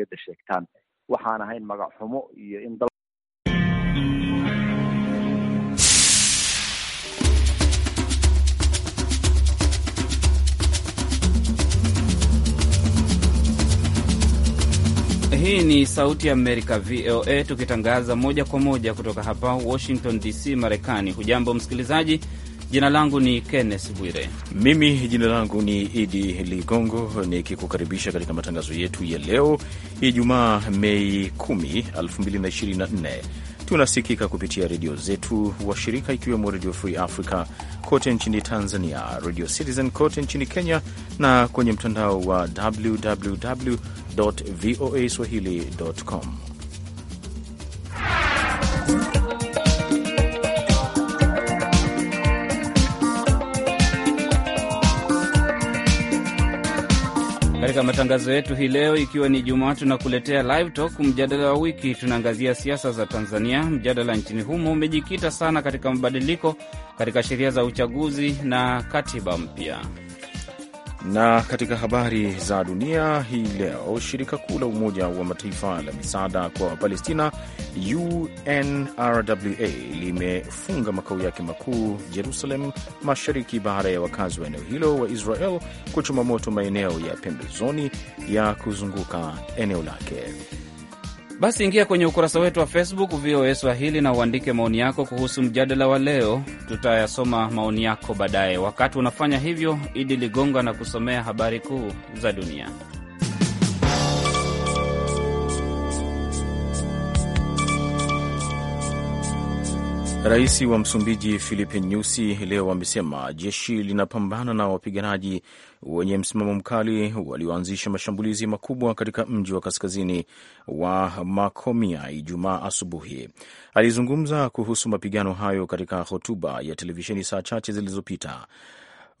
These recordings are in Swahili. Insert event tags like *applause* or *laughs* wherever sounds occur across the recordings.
dowladda sheegtaan waxaan ahayn magac xumo iyo in Hii ni Sauti ya Amerika, VOA, tukitangaza moja kwa moja kutoka hapa Washington DC, Marekani. Hujambo msikilizaji Jina langu ni Kenneth Bwire. Mimi jina langu ni Idi Ligongo, nikikukaribisha katika matangazo yetu ya leo Ijumaa, Mei 10, 2024. Tunasikika kupitia redio zetu wa shirika ikiwemo Redio Free Africa kote nchini Tanzania, Redio Citizen kote nchini Kenya, na kwenye mtandao wa www voa swahili.com. Katika matangazo yetu hii leo, ikiwa ni jumaa tunakuletea live talk, mjadala wa wiki. Tunaangazia siasa za Tanzania. Mjadala nchini humo umejikita sana katika mabadiliko katika sheria za uchaguzi na katiba mpya. Na katika habari za dunia hii leo, shirika kuu la Umoja wa Mataifa la misaada kwa palestina UNRWA, limefunga makao yake makuu Jerusalem Mashariki baada ya wakazi wa eneo hilo wa Israel kuchoma moto maeneo ya pembezoni ya kuzunguka eneo lake. Basi ingia kwenye ukurasa wetu wa Facebook VOA Swahili na uandike maoni yako kuhusu mjadala wa leo. Tutayasoma maoni yako baadaye. Wakati unafanya hivyo, Idi Ligonga na kusomea habari kuu za dunia. Rais wa Msumbiji Filipe Nyusi leo amesema jeshi linapambana na wapiganaji wenye msimamo mkali walioanzisha mashambulizi makubwa katika mji wa kaskazini wa Makomia Ijumaa asubuhi. Alizungumza kuhusu mapigano hayo katika hotuba ya televisheni saa chache zilizopita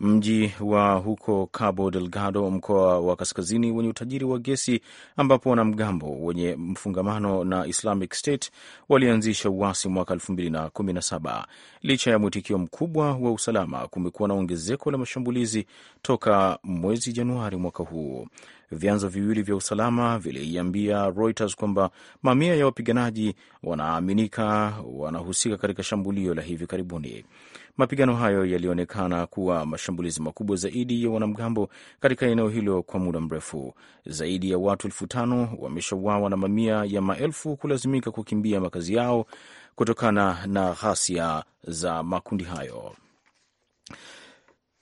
mji wa huko Cabo Delgado, mkoa wa kaskazini wenye utajiri wa gesi, ambapo wanamgambo wenye mfungamano na Islamic State walianzisha uasi mwaka 2017. Licha ya mwitikio mkubwa wa usalama, kumekuwa na ongezeko la mashambulizi toka mwezi Januari mwaka huu. Vyanzo viwili vya usalama viliiambia Reuters kwamba mamia ya wapiganaji wanaaminika wanahusika katika shambulio la hivi karibuni. Mapigano hayo yalionekana kuwa mashambulizi makubwa zaidi ya wanamgambo katika eneo hilo kwa muda mrefu. Zaidi ya watu elfu tano wameshauawa na mamia ya maelfu kulazimika kukimbia makazi yao kutokana na ghasia za makundi hayo.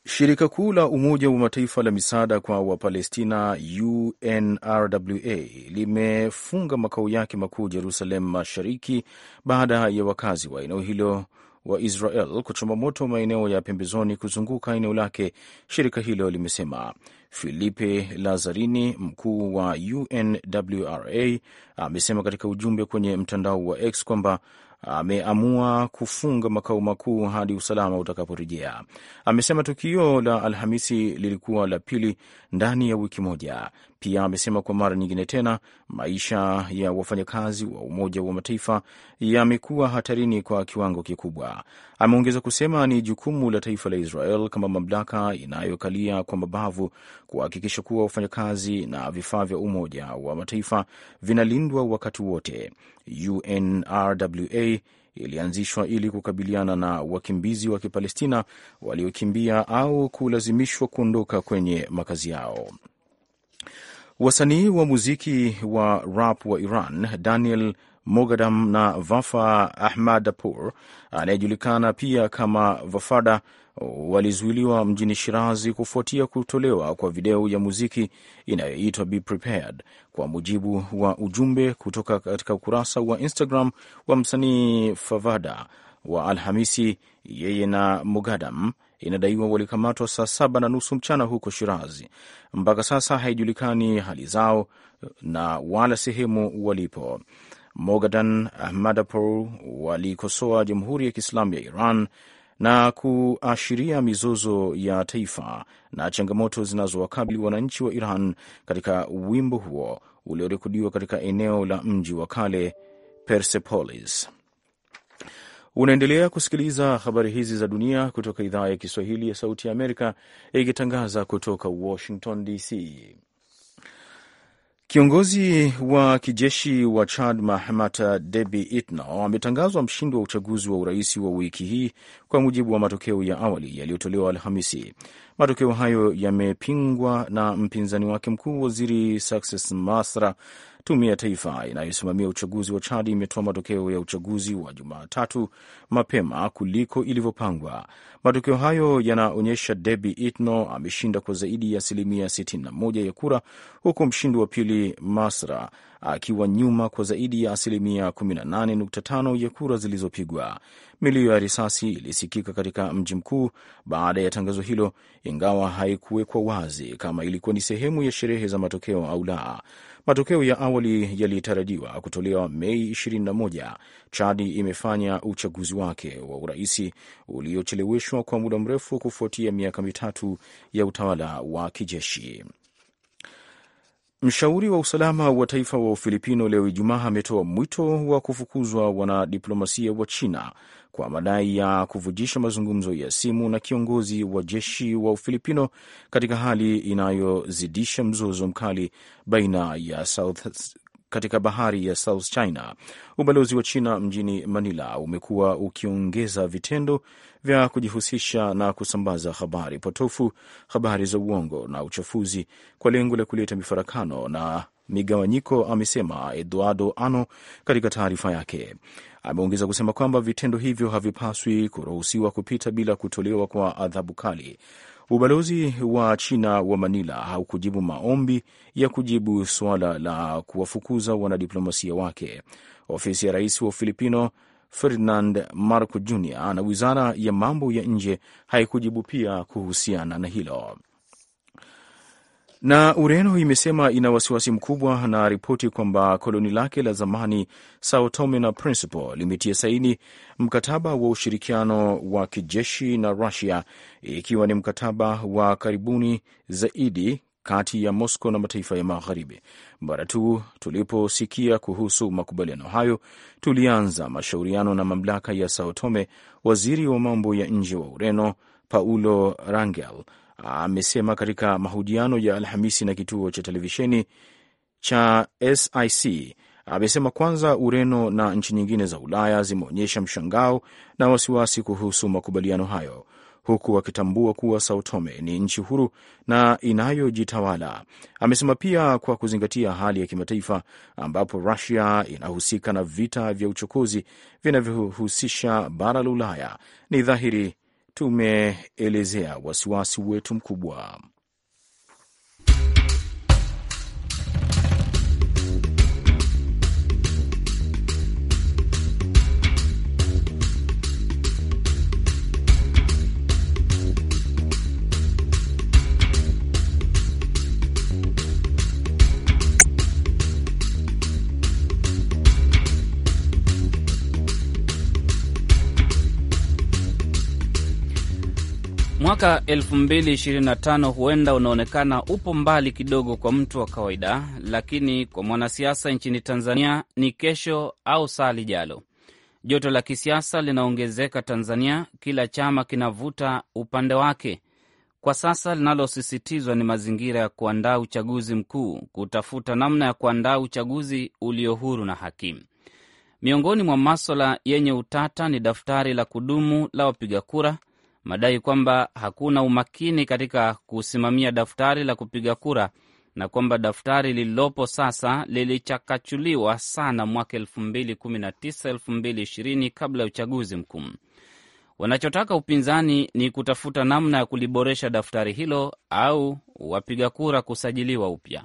Shirika kuu la Umoja wa Mataifa la misaada kwa Wapalestina, UNRWA, limefunga makao yake makuu Jerusalem Mashariki baada ya wakazi wa eneo hilo wa Israel kuchoma moto maeneo ya pembezoni kuzunguka eneo lake, shirika hilo limesema. Filipe Lazarini, mkuu wa UNWRA, amesema katika ujumbe kwenye mtandao wa X kwamba ameamua kufunga makao makuu hadi usalama utakaporejea. Amesema tukio la Alhamisi lilikuwa la pili ndani ya wiki moja pia amesema kwa mara nyingine tena maisha ya wafanyakazi wa Umoja wa Mataifa yamekuwa hatarini kwa kiwango kikubwa. Ameongeza kusema ni jukumu la taifa la Israel kama mamlaka inayokalia kwa mabavu kuhakikisha kuwa wafanyakazi na vifaa vya Umoja wa Mataifa vinalindwa wakati wote. UNRWA ilianzishwa ili kukabiliana na wakimbizi wa Kipalestina waliokimbia au kulazimishwa kuondoka kwenye makazi yao. Wasanii wa muziki wa rap wa Iran Daniel Mogadam na Vafa Ahmadpour anayejulikana pia kama Vafada walizuiliwa mjini Shirazi kufuatia kutolewa kwa video ya muziki inayoitwa Be Prepared, kwa mujibu wa ujumbe kutoka katika ukurasa wa Instagram wa msanii Favada wa Alhamisi. Yeye na Mogadam inadaiwa walikamatwa saa saba na nusu mchana huko Shirazi. Mpaka sasa haijulikani hali zao na wala sehemu walipo. Mogadan Ahmadapour walikosoa Jamhuri ya Kiislamu ya Iran na kuashiria mizozo ya taifa na changamoto zinazowakabili wananchi wa Iran katika wimbo huo uliorekodiwa katika eneo la mji wa kale Persepolis. Unaendelea kusikiliza habari hizi za dunia kutoka idhaa ya Kiswahili ya Sauti ya Amerika ikitangaza kutoka Washington DC. Kiongozi wa kijeshi wa Chad Mahamata Debi Itno ametangazwa mshindi wa uchaguzi wa urais wa wiki hii kwa mujibu wa matokeo ya awali yaliyotolewa Alhamisi. Matokeo hayo yamepingwa na mpinzani wake mkuu, waziri Success Masra Tume ya Taifa inayosimamia uchaguzi wa chadi imetoa matokeo ya uchaguzi wa Jumatatu mapema kuliko ilivyopangwa. Matokeo hayo yanaonyesha Debi Itno ameshinda kwa zaidi ya asilimia 61 ya kura, huku mshindi wa pili Masra akiwa nyuma kwa zaidi ya asilimia 18.5 ya kura zilizopigwa. Milio ya risasi ilisikika katika mji mkuu baada ya tangazo hilo, ingawa haikuwekwa wazi kama ilikuwa ni sehemu ya sherehe za matokeo au la. Matokeo ya awali yalitarajiwa kutolewa Mei 21. Chadi imefanya uchaguzi wake wa uraisi uliocheleweshwa imesitishwa kwa muda mrefu kufuatia miaka mitatu ya utawala wa kijeshi. Mshauri wa usalama wa taifa wa Ufilipino leo Ijumaa ametoa mwito wa kufukuzwa wanadiplomasia wa China kwa madai ya kuvujisha mazungumzo ya simu na kiongozi wa jeshi wa Ufilipino katika hali inayozidisha mzozo mkali baina ya South katika bahari ya South China. Ubalozi wa China mjini Manila umekuwa ukiongeza vitendo vya kujihusisha na kusambaza habari potofu, habari za uongo na uchafuzi kwa lengo la kuleta mifarakano na migawanyiko, amesema Eduardo Ano katika taarifa yake. Ameongeza kusema kwamba vitendo hivyo havipaswi kuruhusiwa kupita bila kutolewa kwa adhabu kali. Ubalozi wa China wa Manila haukujibu maombi ya kujibu suala la kuwafukuza wanadiplomasia wake. Ofisi ya rais wa Ufilipino Ferdinand Marco Jr na wizara ya mambo ya nje haikujibu pia kuhusiana na hilo. Na Ureno imesema ina wasiwasi mkubwa na ripoti kwamba koloni lake la zamani Sao Tome na Principe limetia saini mkataba wa ushirikiano wa kijeshi na Rusia, ikiwa ni mkataba wa karibuni zaidi kati ya Moscow na mataifa ya Magharibi. Mara tu tuliposikia kuhusu makubaliano hayo, tulianza mashauriano na mamlaka ya Sao Tome. Waziri wa mambo ya nje wa Ureno Paulo Rangel amesema katika mahojiano ya Alhamisi na kituo cha televisheni cha SIC. Amesema kwanza, Ureno na nchi nyingine za Ulaya zimeonyesha mshangao na wasiwasi kuhusu makubaliano hayo huku wakitambua kuwa Sao Tome ni nchi huru na inayojitawala. Amesema pia kwa kuzingatia hali ya kimataifa ambapo Rusia inahusika na vita vya uchokozi vinavyohusisha bara la Ulaya, ni dhahiri tumeelezea wasiwasi wetu mkubwa. Mwaka 2025 huenda unaonekana upo mbali kidogo kwa mtu wa kawaida, lakini kwa mwanasiasa nchini Tanzania ni kesho au saa lijalo. Joto la kisiasa linaongezeka Tanzania, kila chama kinavuta upande wake. Kwa sasa linalosisitizwa ni mazingira ya kuandaa uchaguzi mkuu, kutafuta namna ya kuandaa uchaguzi ulio huru na hakimu. Miongoni mwa maswala yenye utata ni daftari la kudumu la wapiga kura madai kwamba hakuna umakini katika kusimamia daftari la kupiga kura na kwamba daftari lililopo sasa lilichakachuliwa sana mwaka 2019 2020 kabla ya uchaguzi mkuu. Wanachotaka upinzani ni kutafuta namna ya kuliboresha daftari hilo au wapiga kura kusajiliwa upya.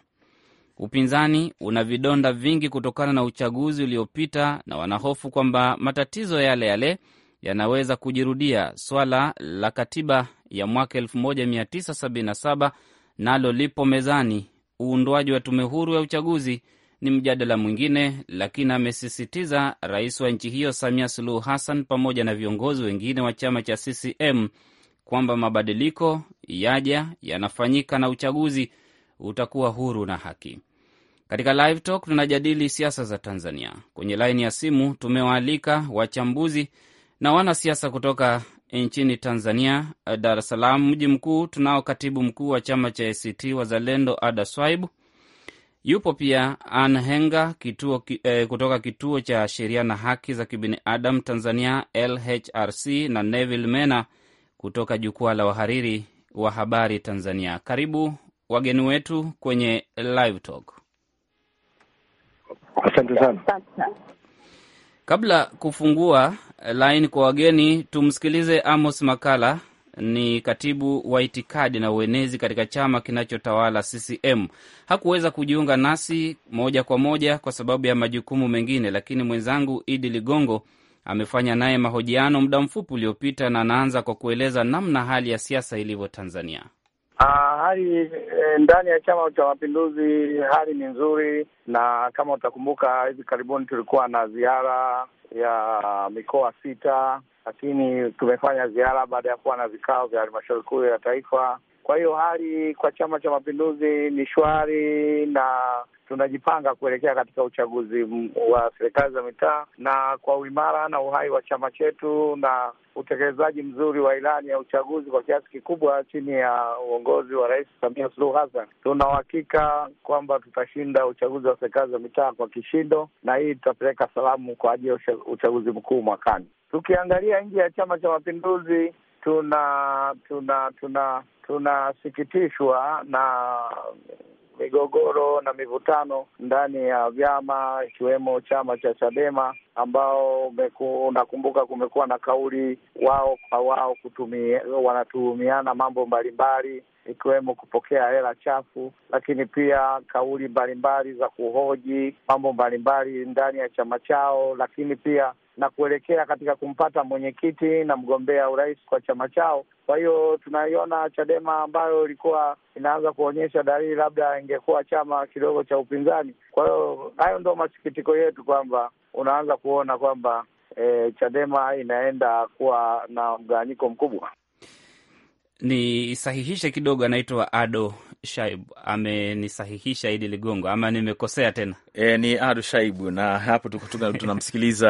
Upinzani una vidonda vingi kutokana na uchaguzi uliopita na wanahofu kwamba matatizo yale yale yanaweza kujirudia. Swala la katiba ya mwaka 1977 nalo lipo mezani. Uundwaji wa tume huru ya uchaguzi ni mjadala mwingine, lakini amesisitiza rais wa nchi hiyo Samia Suluhu Hassan pamoja na viongozi wengine wa chama cha CCM kwamba mabadiliko yaja yanafanyika na uchaguzi utakuwa huru na haki. Katika Live Talk tunajadili siasa za Tanzania. Kwenye laini ya simu tumewaalika wachambuzi na wanasiasa kutoka nchini Tanzania, eh, Dar es Salaam mji mkuu. Tunao katibu mkuu wa chama cha ACT Wazalendo Ada Swaibu, yupo pia Ann Henga kituo, eh, kutoka kituo cha sheria na haki za kibinadamu Tanzania LHRC, na Neville Mena kutoka jukwaa la wahariri wa habari Tanzania. Karibu wageni wetu kwenye Live Talk. Asante sana. Kabla kufungua line kwa wageni, tumsikilize Amos Makala, ni katibu wa itikadi na uenezi katika chama kinachotawala CCM. Hakuweza kujiunga nasi moja kwa moja kwa sababu ya majukumu mengine, lakini mwenzangu Idi Ligongo amefanya naye mahojiano muda mfupi uliopita, na anaanza kwa kueleza namna hali ya siasa ilivyo Tanzania. Ah, hali eh, ndani ya Chama cha Mapinduzi hali ni nzuri, na kama utakumbuka hivi karibuni tulikuwa na ziara ya mikoa sita, lakini tumefanya ziara baada ya kuwa na vikao vya halmashauri kuu ya taifa. Kwa hiyo hali kwa Chama cha Mapinduzi ni shwari na tunajipanga kuelekea katika uchaguzi wa serikali za mitaa, na kwa uimara na uhai wa chama chetu na utekelezaji mzuri wa ilani ya uchaguzi kwa kiasi kikubwa chini ya uongozi wa Rais Samia Suluhu Hassan, tuna uhakika kwamba tutashinda uchaguzi wa serikali za mitaa kwa kishindo, na hii tutapeleka salamu kwa ajili ya uchaguzi mkuu mwakani. Tukiangalia nje ya Chama cha Mapinduzi, tuna tuna tuna tunasikitishwa na migogoro na mivutano ndani ya vyama ikiwemo chama cha Chadema ambao unakumbuka kumekuwa na kauli wao kwa wao kutumia, wanatuhumiana mambo mbalimbali ikiwemo kupokea hela chafu, lakini pia kauli mbalimbali za kuhoji mambo mbalimbali ndani ya chama chao, lakini pia na kuelekea katika kumpata mwenyekiti na mgombea urais kwa chama chao. Kwa hiyo tunaiona Chadema ambayo ilikuwa inaanza kuonyesha dalili labda ingekuwa chama kidogo cha upinzani. Kwa hiyo hayo ndo masikitiko yetu kwamba unaanza kuona kwamba e, Chadema inaenda kuwa na mgawanyiko mkubwa. Nisahihishe kidogo, anaitwa Ado Shaibu amenisahihisha Idi Ligongo, ama nimekosea tena? E, ni Adu Shaibu na hapo *laughs* tunamsikiliza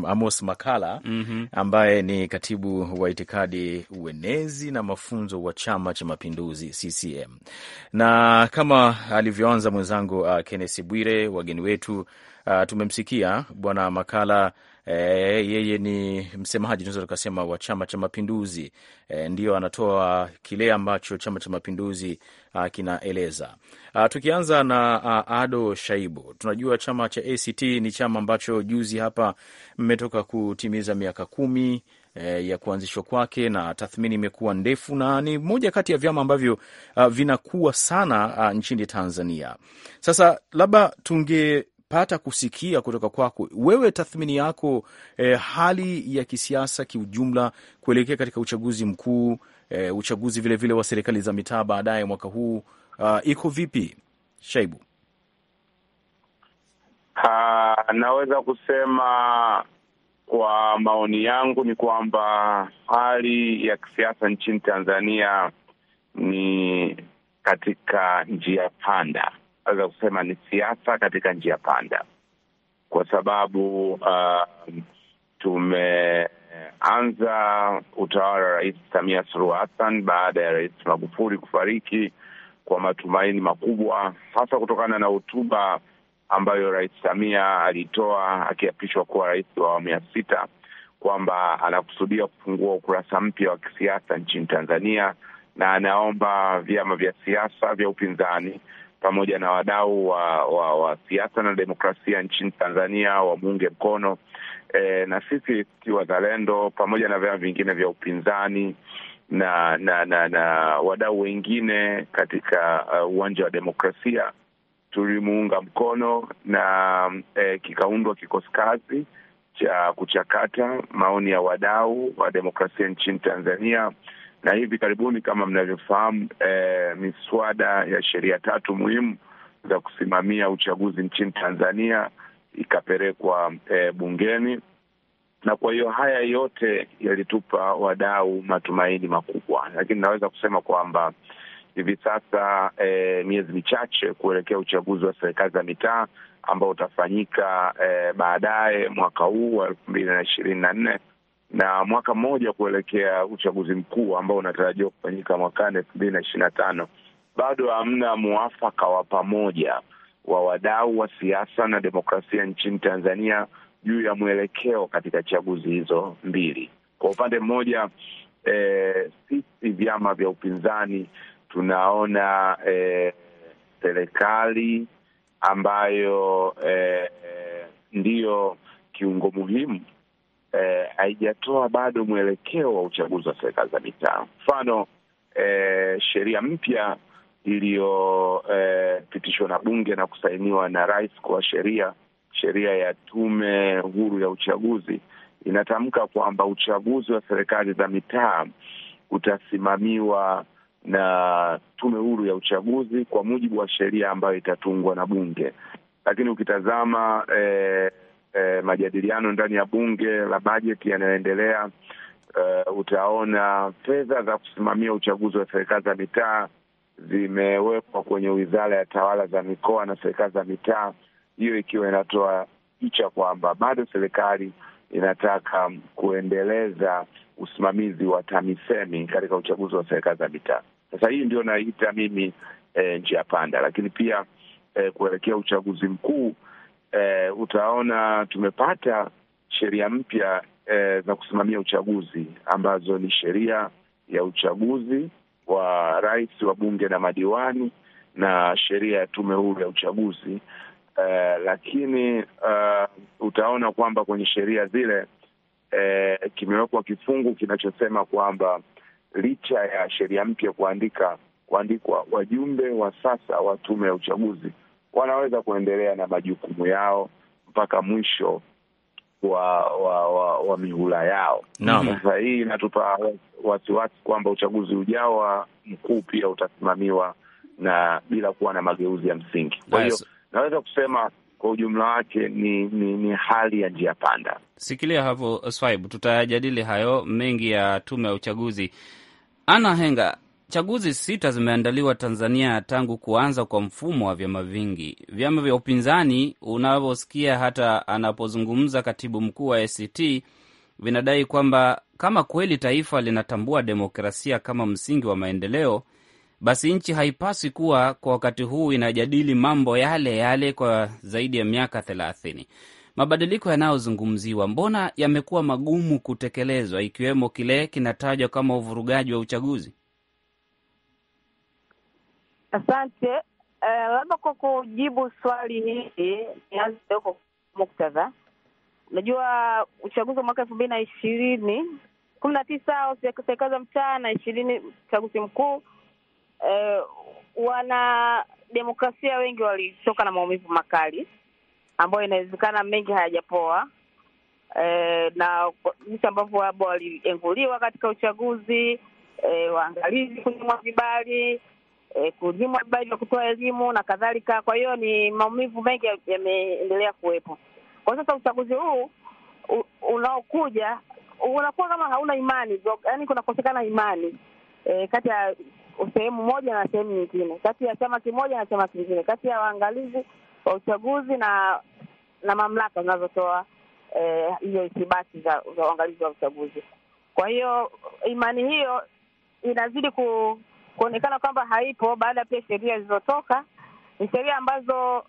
uh, Amos Makala mm -hmm. ambaye ni katibu wa itikadi uenezi na mafunzo wa Chama cha Mapinduzi CCM, na kama alivyoanza mwenzangu uh, Kenneth Bwire, wageni wetu uh, tumemsikia Bwana Makala e, yeye ni msemaji tunaweza tukasema wa Chama cha Mapinduzi e, eh, ndiyo anatoa kile ambacho Chama cha Mapinduzi ah, kinaeleza. Ah, tukianza na a, ah, Ado Shaibu, tunajua chama cha ACT ni chama ambacho juzi hapa mmetoka kutimiza miaka kumi E, ya kuanzishwa kwake na tathmini imekuwa ndefu na ni moja kati ya vyama ambavyo vinakuwa sana a, nchini Tanzania. Sasa labda tunge tutapata kusikia kutoka kwako wewe, tathmini yako e, hali ya kisiasa kiujumla kuelekea katika uchaguzi mkuu e, uchaguzi vilevile vile wa serikali za mitaa baadaye mwaka huu uh, iko vipi Shaibu? Ha, naweza kusema kwa maoni yangu ni kwamba hali ya kisiasa nchini Tanzania ni katika njia panda naweza kusema ni siasa katika njia panda, kwa sababu uh, tumeanza utawala wa Rais Samia Suluhu Hassan baada ya Rais Magufuli kufariki kwa matumaini makubwa, hasa kutokana na hotuba ambayo Rais Samia alitoa akiapishwa kuwa rais wa awamu ya sita kwamba anakusudia kufungua ukurasa mpya wa kisiasa nchini Tanzania na anaomba vyama vya siasa vya upinzani pamoja na wadau wa, wa, wa siasa na demokrasia nchini Tanzania wamuunge mkono e, na sisi si wazalendo pamoja na vyama vingine vya upinzani na na na, na wadau wengine katika uh, uwanja uh, wa demokrasia tulimuunga mkono na e, kikaundwa kikosi kazi cha kuchakata maoni ya wadau wa demokrasia nchini Tanzania na hivi karibuni kama mnavyofahamu, eh, miswada ya sheria tatu muhimu za kusimamia uchaguzi nchini Tanzania ikapelekwa eh, bungeni, na kwa hiyo haya yote yalitupa wadau matumaini makubwa, lakini naweza kusema kwamba hivi sasa e, miezi michache kuelekea uchaguzi wa serikali za mitaa ambao utafanyika e, baadaye mwaka huu wa elfu mbili na ishirini na nne na mwaka mmoja kuelekea uchaguzi mkuu ambao unatarajiwa kufanyika mwakani elfu mbili na ishirini na tano, bado hamna mwafaka wa pamoja wa wadau wa siasa na demokrasia nchini Tanzania juu ya mwelekeo katika chaguzi hizo mbili. Kwa upande mmoja, e, sisi vyama vya upinzani tunaona eh, serikali ambayo ambayo eh, e, ndiyo kiungo muhimu Eh, haijatoa bado mwelekeo wa uchaguzi wa serikali za mitaa. Mfano eh, sheria mpya iliyopitishwa eh, na bunge na kusainiwa na rais kwa sheria sheria ya tume huru ya uchaguzi inatamka kwamba uchaguzi wa serikali za mitaa utasimamiwa na tume huru ya uchaguzi kwa mujibu wa sheria ambayo itatungwa na bunge. Lakini ukitazama eh, e, majadiliano ndani ya bunge la bajeti yanayoendelea. Uh, utaona fedha za kusimamia uchaguzi wa serikali za mitaa zimewekwa kwenye wizara ya tawala za mikoa na serikali za mitaa, hiyo ikiwa inatoa picha kwamba bado serikali inataka kuendeleza usimamizi wa TAMISEMI katika uchaguzi wa serikali za mitaa. Sasa hii ndio naita mimi e, eh, njia panda, lakini pia e, kuelekea uchaguzi mkuu eh, utaona tumepata sheria mpya eh, za kusimamia uchaguzi ambazo ni sheria ya uchaguzi wa rais, wa bunge na madiwani na sheria ya tume huru ya uchaguzi e, lakini uh, utaona kwamba kwenye sheria zile e, kimewekwa kifungu kinachosema kwamba licha ya sheria mpya kuandika kuandikwa, wajumbe wa sasa wa tume ya uchaguzi wanaweza kuendelea na majukumu yao mpaka mwisho wa wa, wa, wa mihula yao. Sasa hii inatupa wasiwasi kwamba uchaguzi ujao wa mkuu pia utasimamiwa na bila kuwa na mageuzi ya msingi. Kwa hiyo Naweza kusema kwa ujumla wake ni, ni, ni hali ya njia panda. Sikilia hapo Swaibu, tutayajadili hayo mengi ya tume ya uchaguzi. Ana Henga, Chaguzi sita zimeandaliwa Tanzania tangu kuanza kwa mfumo wa vyama vingi. Vyama vya upinzani unavyosikia, hata anapozungumza katibu mkuu wa ACT, vinadai kwamba kama kweli taifa linatambua demokrasia kama msingi wa maendeleo, basi nchi haipaswi kuwa kwa wakati huu inajadili mambo yale yale kwa zaidi ya miaka thelathini. Mabadiliko yanayozungumziwa mbona yamekuwa magumu kutekelezwa, ikiwemo kile kinatajwa kama uvurugaji wa uchaguzi? Asante. Uh, labda kwa kujibu swali hili nianze muktadha. Unajua uchaguzi wa mwaka elfu mbili na ishirini kumi na tisa serikali za mtaa na ishirini uchaguzi mkuu wana eh, wanademokrasia wengi walitoka na maumivu makali ambayo inawezekana mengi hayajapoa uh, na jinsi ambavyo labda walienguliwa katika uchaguzi uh, waangalizi kunyimwa vibali e, kuzimu habari ya kutoa elimu na kadhalika. Kwa hiyo ni maumivu mengi yameendelea kuwepo. Kwa sasa uchaguzi huu unaokuja unakuwa kama hauna imani, yaani kunakosekana imani e, kati ya sehemu moja na sehemu nyingine, kati ya chama kimoja na chama kingine, kati ya waangalizi wa uchaguzi na na mamlaka zinazotoa e, hizo ithibati za uangalizi wa uchaguzi. Kwa hiyo imani hiyo inazidi ku, kuonekana kwamba haipo, baada ya pia sheria zilizotoka, ni sheria ambazo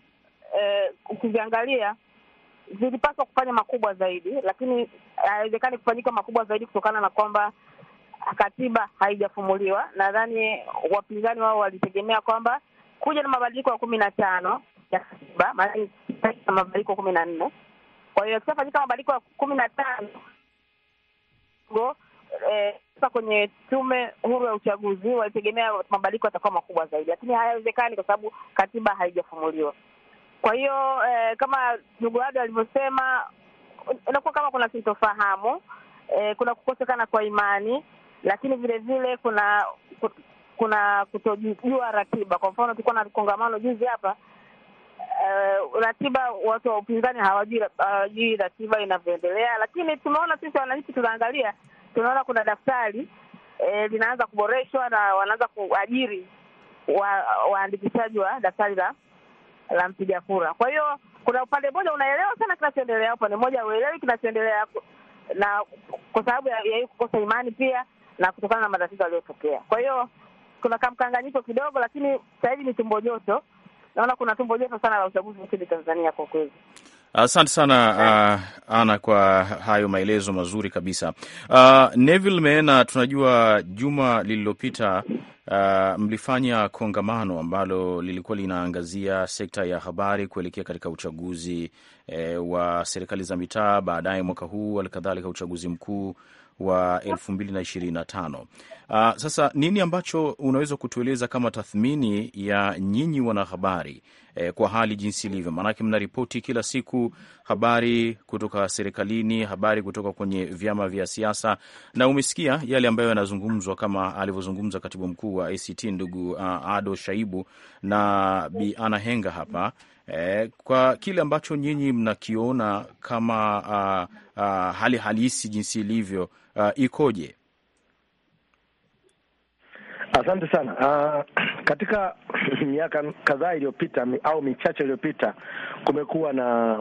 eh, ukiziangalia zilipaswa kufanya makubwa zaidi, lakini haiwezekani kufanyika makubwa zaidi kutokana na kwamba katiba haijafumuliwa. Nadhani wapinzani wao walitegemea kwamba kuja na mabadiliko ya kumi na tano ya katiba, maana mabadiliko kumi na nne. Kwa hiyo akishafanyika mabadiliko ya kumi na tano eh, kwenye tume huru ya uchaguzi walitegemea mabadiliko yatakuwa makubwa zaidi, lakini hayawezekani kwa sababu katiba haijafumuliwa. Kwa hiyo eh, kama ndugu Ado alivyosema, inakuwa kama kuna sintofahamu eh, kuna kukosekana kwa imani, lakini vile vile kuna kuna kutojua ratiba. Kwa mfano, tulikuwa na kongamano juzi hapa Uh, ratiba watu wa upinzani hawajui hawajui ratiba inavyoendelea, lakini tumeona sisi wananchi tunaangalia tunaona kuna daftari e, linaanza kuboreshwa na wanaanza kuajiri waandikishaji wa, wa daftari la la mpiga kura. Kwa hiyo kuna upande mmoja unaelewa sana kinachoendelea, upande mmoja uelewi kinachoendelea, na kwa sababu ya hii kukosa imani pia na kutokana na matatizo yaliyotokea. Kwa hiyo kuna kamkanganyiko kidogo, lakini sasa hivi ni tumbo joto. Naona kuna tumbo joto sana la uchaguzi nchini Tanzania kwa kweli. Asante sana uh, Ana, kwa hayo maelezo mazuri kabisa. Uh, Neville Meena, tunajua juma lililopita uh, mlifanya kongamano ambalo lilikuwa linaangazia sekta ya habari kuelekea katika uchaguzi eh, wa serikali za mitaa baadaye mwaka huu, halikadhalika uchaguzi mkuu wa elfu mbili na ishirini na tano. Uh, sasa nini ambacho unaweza kutueleza kama tathmini ya nyinyi wanahabari eh, kwa hali jinsi ilivyo, maanake mnaripoti kila siku habari kutoka serikalini, habari kutoka kwenye vyama vya siasa, na umesikia yale ambayo yanazungumzwa kama alivyozungumza katibu mkuu wa ACT ndugu uh, Ado Shaibu na Bi Ana Henga hapa eh, kwa kile ambacho nyinyi mnakiona kama uh, uh, hali halisi jinsi ilivyo uh, ikoje? Asante sana uh, katika *clears throat* miaka kadhaa iliyopita au michache iliyopita, kumekuwa na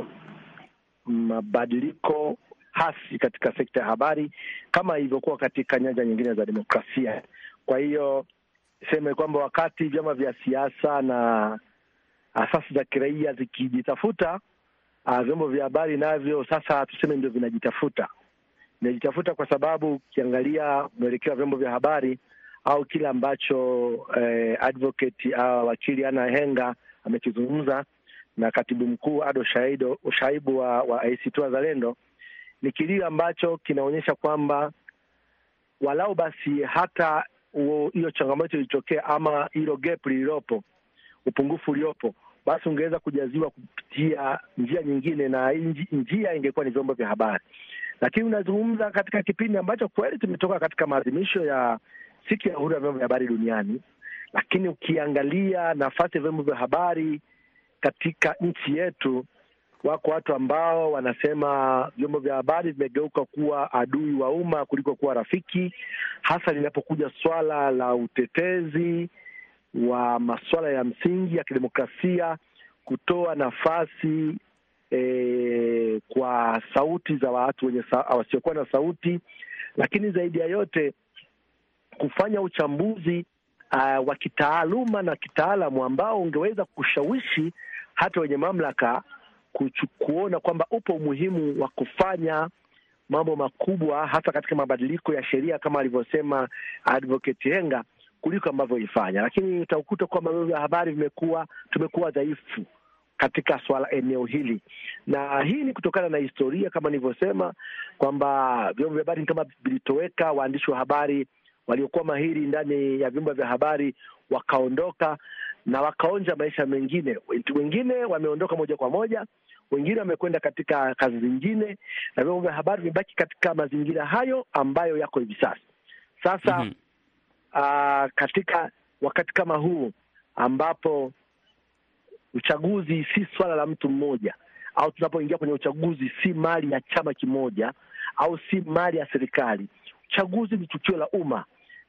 mabadiliko hasi katika sekta ya habari kama ilivyokuwa katika nyanja nyingine za demokrasia. Kwa hiyo seme kwamba wakati vyama vya siasa na asasi za kiraia zikijitafuta, ah, vyombo vya habari navyo sasa tuseme ndio vinajitafuta. Vinajitafuta kwa sababu ukiangalia mwelekeo wa vyombo vya habari au kile ambacho eh, advocate hawa ah, wakili ana Henga amekizungumza na katibu mkuu Ado Shaido, ushaibu wa, wa ACT Wazalendo ni kilio ambacho kinaonyesha kwamba walau basi hata hiyo changamoto ilitokea ama hilo gap lililopo, upungufu uliopo, basi ungeweza kujaziwa kupitia njia nyingine, na njia ingekuwa ni vyombo vya habari. Lakini unazungumza katika kipindi ambacho kweli tumetoka katika maadhimisho ya siku ya uhuru ya vyombo vya habari duniani, lakini ukiangalia nafasi ya vyombo vya habari katika nchi yetu, wako watu ambao wanasema vyombo vya habari vimegeuka kuwa adui wa umma kuliko kuwa rafiki, hasa linapokuja swala la utetezi wa masuala ya msingi ya kidemokrasia, kutoa nafasi e, kwa sauti za watu wenye wasiokuwa na sauti, lakini zaidi ya yote kufanya uchambuzi uh, wa kitaaluma na kitaalamu ambao ungeweza kushawishi hata wenye mamlaka kuchu, kuona kwamba upo umuhimu wa kufanya mambo makubwa hasa katika mabadiliko ya sheria kama alivyosema Advocate Henga kuliko ambavyo ilifanya, lakini utakuta kwamba vyombo vya habari vimekuwa tumekuwa dhaifu katika swala eneo hili, na hii ni kutokana na historia kama nilivyosema kwamba vyombo vya habari ni kama vilitoweka, waandishi wa habari waliokuwa mahiri ndani ya vyumba vya habari wakaondoka na wakaonja maisha mengine. Wengine wameondoka moja kwa moja, wengine wamekwenda katika kazi zingine, na vyombo vya habari vimebaki katika mazingira hayo ambayo yako hivi sasa. Sasa mm -hmm. Uh, katika wakati kama huu ambapo uchaguzi si swala la mtu mmoja, au tunapoingia kwenye uchaguzi si mali ya chama kimoja au si mali ya serikali. Uchaguzi ni tukio la umma,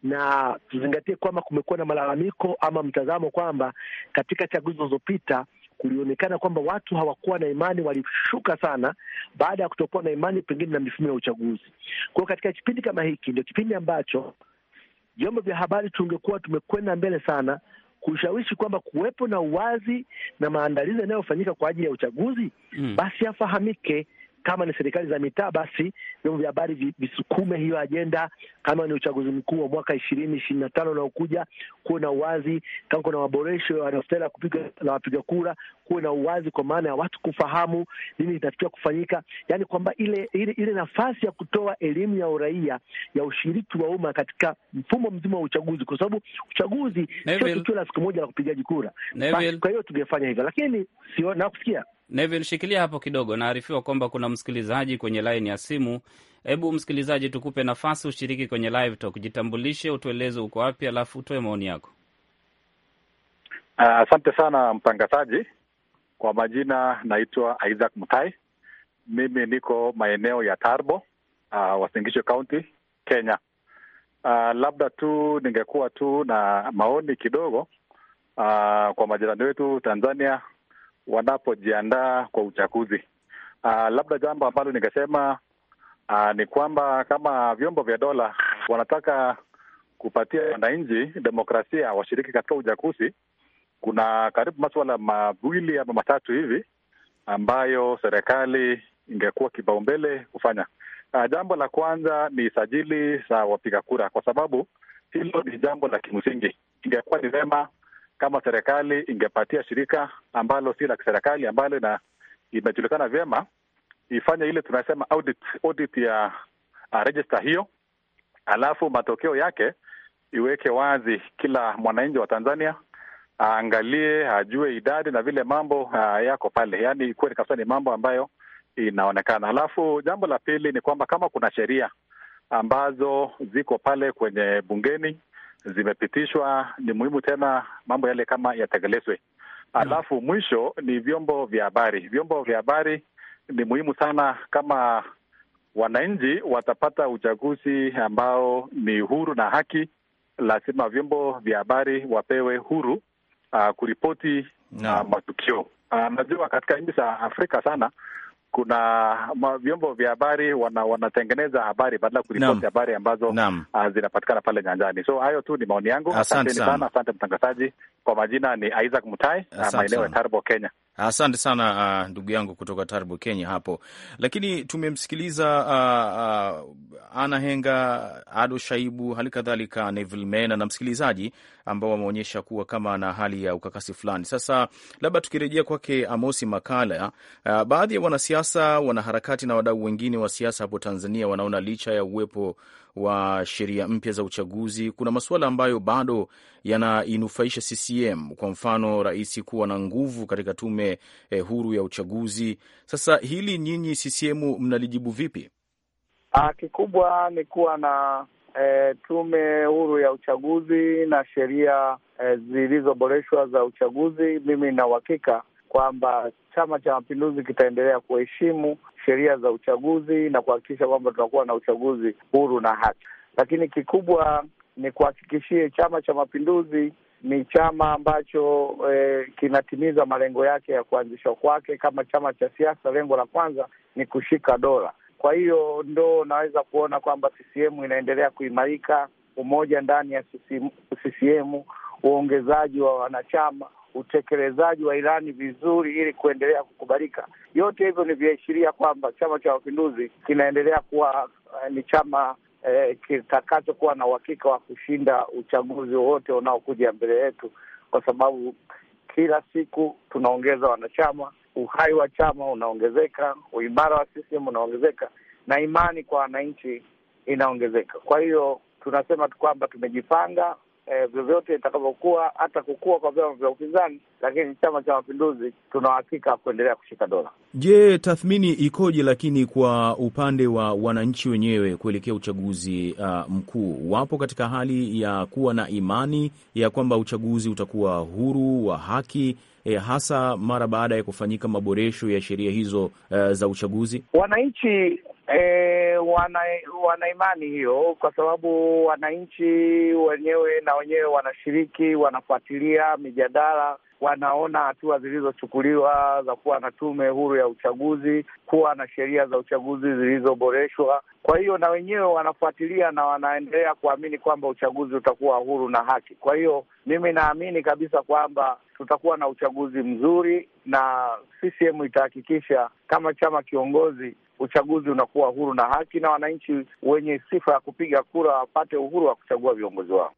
na tuzingatie kwamba kumekuwa na malalamiko ama mtazamo kwamba katika chaguzi zilizopita kulionekana kwamba watu hawakuwa na imani, walishuka sana baada ya kutokuwa na imani pengine na mifumo ya uchaguzi. Kwa hiyo katika kipindi kama hiki ndio kipindi ambacho vyombo vya habari tungekuwa tumekwenda mbele sana kushawishi kwamba kuwepo na uwazi na maandalizi yanayofanyika kwa ajili ya uchaguzi, mm. basi yafahamike kama ni serikali za mitaa, basi vyombo vya habari visukume hiyo ajenda. Kama ni uchaguzi mkuu wa mwaka ishirini ishirini na tano unaokuja, kuwe na uwazi. Kama kuna maboresho yanayostahili kupiga na wapiga kura, kuwe na uwazi, kwa maana ya watu kufahamu nini inatakiwa kufanyika, yani kwamba ile, ile ile nafasi ya kutoa elimu ya uraia ya ushiriki wa umma katika mfumo mzima wa uchaguzi, kwa sababu uchaguzi sio tukio la siku moja la kupigaji kura. Kwa hiyo tungefanya hivyo, lakini sio nakusikia Neville, shikilia hapo kidogo. Naarifiwa kwamba kuna msikilizaji kwenye laini ya simu. Hebu msikilizaji, tukupe nafasi ushiriki kwenye live talk. Jitambulishe, utueleze uko wapi, alafu utoe maoni yako. Ah, asante uh, sana mtangazaji. Kwa majina naitwa Isaac Mutai, mimi niko maeneo ya Tarbo, uh, Wasingisho County, Kenya. Uh, labda tu ningekuwa tu na maoni kidogo uh, kwa majirani wetu Tanzania wanapojiandaa kwa uchaguzi. Uh, labda jambo ambalo ningesema uh, ni kwamba kama vyombo vya dola wanataka kupatia wananchi demokrasia washiriki katika uchaguzi, kuna karibu masuala mawili ama matatu hivi ambayo serikali ingekuwa kipaumbele kufanya. Uh, jambo la kwanza ni sajili za wapiga kura, kwa sababu hilo ni jambo la kimsingi. Ingekuwa ni vema kama serikali ingepatia shirika ambalo si la kiserikali ambalo imejulikana vyema ifanye ile tunasema audit, audit ya uh, register hiyo, alafu matokeo yake iweke wazi kila mwananchi wa Tanzania aangalie, ajue idadi na vile mambo uh, yako pale, yaani kweli kabisa ni mambo ambayo inaonekana. Alafu jambo la pili ni kwamba kama kuna sheria ambazo ziko pale kwenye bungeni zimepitishwa, ni muhimu tena mambo yale kama yatekelezwe. Alafu mwisho ni vyombo vya habari. Vyombo vya habari ni muhimu sana, kama wananchi watapata uchaguzi ambao ni huru na haki, lazima vyombo vya habari wapewe huru uh, kuripoti no. uh, matukio. Uh, najua katika nchi za Afrika sana kuna vyombo vya habari wana, wanatengeneza habari badala ya kuripoti habari ambazo uh, zinapatikana pale nyanjani. So hayo tu ni maoni yangu. Asanteni sana, asante mtangazaji. Kwa majina ni Isaac Mutai, uh, maeneo ya Tarbo, Kenya. Asante sana uh, ndugu yangu kutoka Tarbo, Kenya hapo. Lakini tumemsikiliza uh, uh, Ana Henga, Ado Shaibu, hali kadhalika Neville Mena na msikilizaji ambao wameonyesha kuwa kama ana hali ya ukakasi fulani. Sasa labda tukirejea kwake Amosi Makala, uh, baadhi ya wanasiasa, wanaharakati na wadau wengine wa siasa hapo Tanzania wanaona licha ya uwepo wa sheria mpya za uchaguzi, kuna masuala ambayo bado yanainufaisha CCM, kwa mfano rais kuwa na nguvu katika tume eh, huru ya uchaguzi. Sasa hili nyinyi CCM mnalijibu vipi? Aa, ah, kikubwa ni kuwa na E, tume huru ya uchaguzi na sheria e, zilizoboreshwa za uchaguzi. Mimi nina uhakika kwamba Chama cha Mapinduzi kitaendelea kuheshimu sheria za uchaguzi na kuhakikisha kwamba tunakuwa na uchaguzi huru na haki. Lakini kikubwa ni kuhakikishie Chama cha Mapinduzi ni chama ambacho eh, kinatimiza malengo yake ya kuanzishwa kwake kama chama cha siasa. Lengo la kwanza ni kushika dola. Kwa hiyo ndo naweza kuona kwamba CCM inaendelea kuimarika, umoja ndani ya CCM, uongezaji wa wanachama utekelezaji wa ilani vizuri ili kuendelea kukubalika. Yote hivyo ni viashiria kwamba Chama cha Mapinduzi kinaendelea kuwa eh, ni chama uh, kitakachokuwa na uhakika wa kushinda uchaguzi wowote unaokuja mbele yetu, kwa sababu kila siku tunaongeza wanachama, uhai wa chama unaongezeka, uimara wa CCM unaongezeka, na imani kwa wananchi inaongezeka. Kwa hiyo tunasema tu kwamba tumejipanga eh, vyovyote itakavyokuwa, hata kukua kwa vyama vya upinzani, lakini Chama cha Mapinduzi tunahakika kuendelea kushika dola. Je, tathmini ikoje? Lakini kwa upande wa wananchi wenyewe kuelekea uchaguzi uh, mkuu, wapo katika hali ya kuwa na imani ya kwamba uchaguzi utakuwa huru wa haki E, hasa mara baada ya kufanyika maboresho ya sheria hizo uh, za uchaguzi, wananchi E, wana, wana imani hiyo kwa sababu wananchi wenyewe na wenyewe wanashiriki, wanafuatilia mijadala, wanaona hatua zilizochukuliwa za kuwa na tume huru ya uchaguzi, kuwa na sheria za uchaguzi zilizoboreshwa. Kwa hiyo na wenyewe wanafuatilia na wanaendelea kuamini kwamba uchaguzi utakuwa huru na haki. Kwa hiyo mimi naamini kabisa kwamba tutakuwa na uchaguzi mzuri na CCM itahakikisha kama chama kiongozi uchaguzi unakuwa huru na haki, na wananchi wenye sifa ya kupiga kura wapate uhuru wa kuchagua viongozi wao.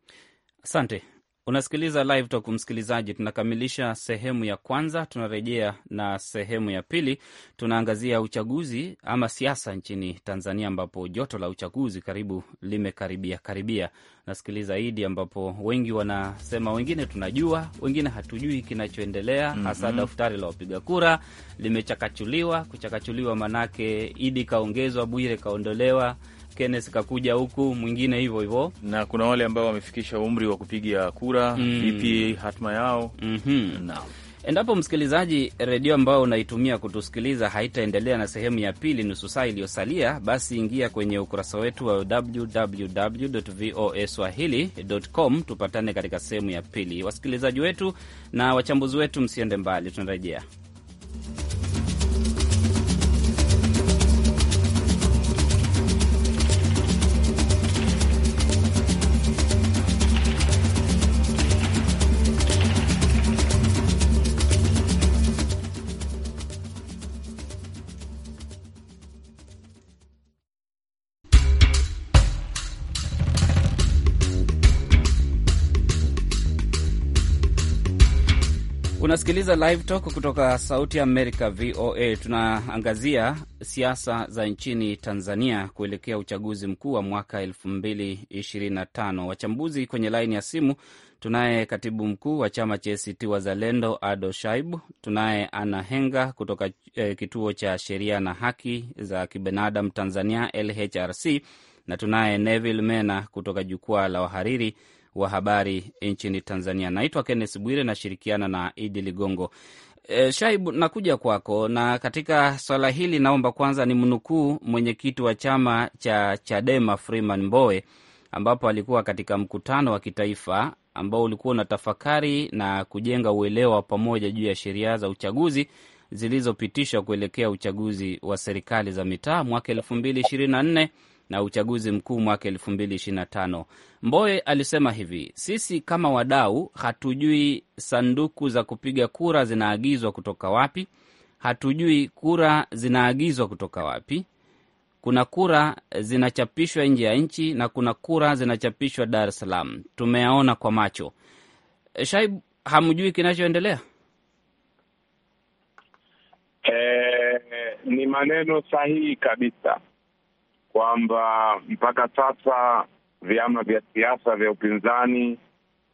Asante. Unasikiliza Live Talk, msikilizaji. Tunakamilisha sehemu ya kwanza, tunarejea na sehemu ya pili. Tunaangazia uchaguzi ama siasa nchini Tanzania, ambapo joto la uchaguzi karibu limekaribia karibia. Nasikiliza Idi, ambapo wengi wanasema, wengine tunajua, wengine hatujui kinachoendelea mm -hmm. Hasa daftari la wapiga kura limechakachuliwa, kuchakachuliwa manake Idi kaongezwa, Bwire kaondolewa Kenneth kakuja huku, mwingine hivyo hivyo, na kuna wale ambao wamefikisha umri wa kupiga kura mm. Vipi hatima yao? mm -hmm. na endapo msikilizaji, redio ambayo unaitumia kutusikiliza haitaendelea na sehemu ya pili nusu saa iliyosalia, basi ingia kwenye ukurasa wetu wa www voa swahili.com, tupatane katika sehemu ya pili. Wasikilizaji wetu na wachambuzi wetu, msiende mbali, tunarejea. Unasikiliza Live Talk kutoka Sauti ya Amerika, VOA. Tunaangazia siasa za nchini Tanzania kuelekea uchaguzi mkuu wa mwaka 2025. Wachambuzi kwenye laini ya simu, tunaye katibu mkuu wa chama cha ACT Wazalendo Ado Shaibu, tunaye Ana Henga kutoka eh, kituo cha sheria na haki za kibinadamu Tanzania, LHRC, na tunaye Neville Mena kutoka jukwaa la wahariri wa habari nchini Tanzania. Naitwa kennes Bwire, nashirikiana na Idi Ligongo. E, Shaibu, nakuja kwako na katika swala hili naomba kwanza ni mnukuu mwenyekiti wa chama cha Chadema Freeman Mbowe, ambapo alikuwa katika mkutano wa kitaifa ambao ulikuwa tafakari na kujenga uelewa wa pamoja juu ya sheria za uchaguzi zilizopitishwa kuelekea uchaguzi wa serikali za mitaa mwaka elfu mbili ishirini na nne na uchaguzi mkuu mwaka el225 Mboe alisema hivi, sisi kama wadau hatujui sanduku za kupiga kura zinaagizwa kutoka wapi, hatujui kura zinaagizwa kutoka wapi. Kuna kura zinachapishwa nje ya nchi na kuna kura zinachapishwa Dar es Salaam. Tumeyaona kwa macho. Shaib, hamjui kinachoendelea? Eh, ni maneno sahihi kabisa kwamba mpaka sasa vyama vya siasa vya upinzani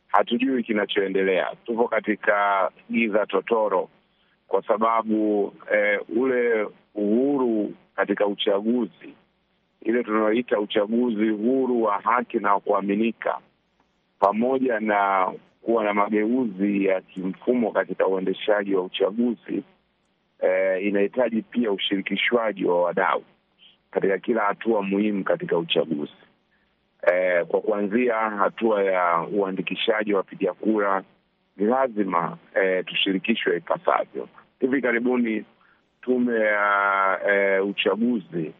hatujui kinachoendelea, tupo katika giza totoro, kwa sababu eh, ule uhuru katika uchaguzi, ile tunaoita uchaguzi huru wa haki na kuaminika, pamoja na kuwa na mageuzi ya kimfumo katika uendeshaji wa uchaguzi eh, inahitaji pia ushirikishwaji wa wadau katika kila hatua muhimu katika uchaguzi e, kwa kuanzia hatua ya uandikishaji wa wapiga kura ni lazima e, tushirikishwe ipasavyo. Hivi karibuni tume ya e, uchaguzi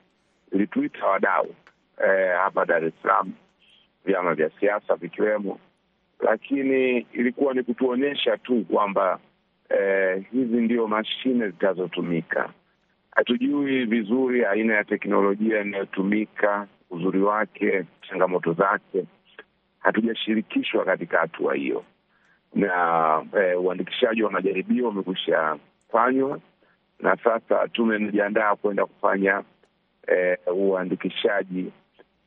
ilituita wadau e, hapa Dar es Salaam, vyama vya siasa vikiwemo, lakini ilikuwa ni kutuonyesha tu kwamba e, hizi ndio mashine zitazotumika hatujui vizuri aina ya teknolojia inayotumika, uzuri wake, changamoto zake. Hatujashirikishwa katika hatua hiyo, na eh, uandikishaji wa majaribio umekwisha fanywa na sasa tume imejiandaa kwenda kufanya eh, uandikishaji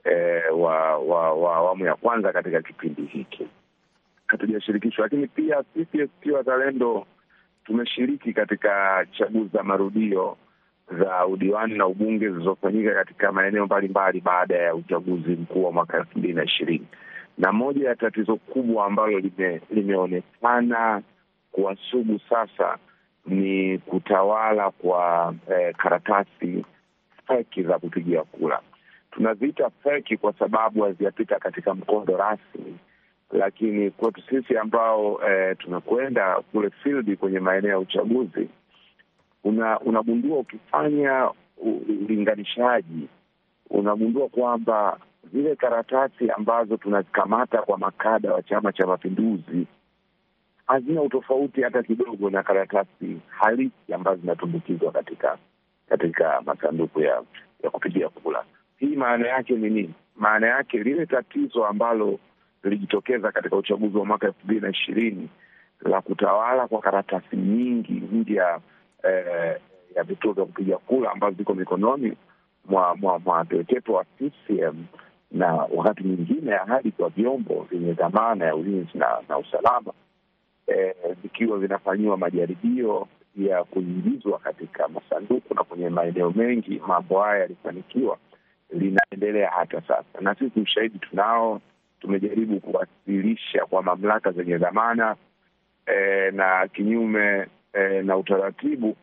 eh, wa, wa, wa awamu ya kwanza katika kipindi hiki. Hatujashirikishwa, lakini pia sisi ACT Wazalendo tumeshiriki katika chaguzi za marudio za udiwani na ubunge zilizofanyika katika maeneo mbalimbali baada ya uchaguzi mkuu wa mwaka elfu mbili na ishirini na moja ya tatizo kubwa ambalo limeonekana lime kuwa sugu sasa ni kutawala kwa eh, karatasi feki za kupigia kura. Tunaziita feki kwa sababu hazijapita katika mkondo rasmi, lakini kwetu sisi ambao eh, tunakwenda kule field kwenye maeneo ya uchaguzi una, unagundua ukifanya ulinganishaji unagundua kwamba zile karatasi ambazo tunazikamata kwa makada wa Chama cha Mapinduzi hazina utofauti hata kidogo na karatasi halisi ambazo zinatumbukizwa katika katika masanduku ya ya kupigia kula Hii maana yake ni nini? Maana yake lile tatizo ambalo lilijitokeza katika uchaguzi wa mwaka elfu mbili na ishirini la kutawala kwa karatasi nyingi nje ya eh, ya vituo vya kupiga kura ambazo ziko mikononi mwa mwa wa CCM na wakati mwingine ahadi kwa vyombo vyenye dhamana ya ulinzi na, na usalama eh, vikiwa eh, vinafanyiwa majaribio ya kuingizwa katika masanduku na kwenye maeneo mengi mambo haya yalifanikiwa, linaendelea hata sasa, na sisi ushahidi tunao. Tumejaribu kuwasilisha kwa mamlaka zenye dhamana eh, na kinyume e, na utaratibu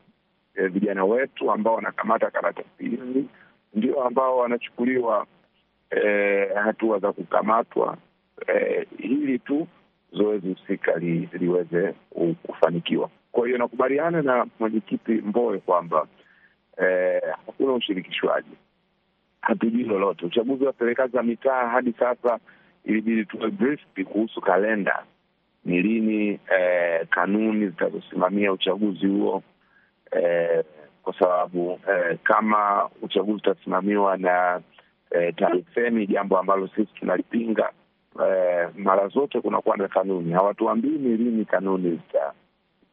e, vijana wetu ambao wanakamata karatasi hizi ndio ambao wanachukuliwa e, hatua za kukamatwa e, ili tu zoezi husika li, liweze kufanikiwa. Kwa hiyo nakubaliana na mwenyekiti mboe kwamba e, hakuna ushirikishwaji, hatujui lolote. Uchaguzi wa serikali za mitaa hadi sasa ilibidi tuwe kuhusu kalenda ni lini eh, kanuni zitazosimamia uchaguzi huo eh, kwa sababu eh, kama uchaguzi utasimamiwa na eh, tarifeni jambo ambalo sisi tunalipinga eh, mara zote, kunakuwa na kanuni. Hawatuambii ni lini kanuni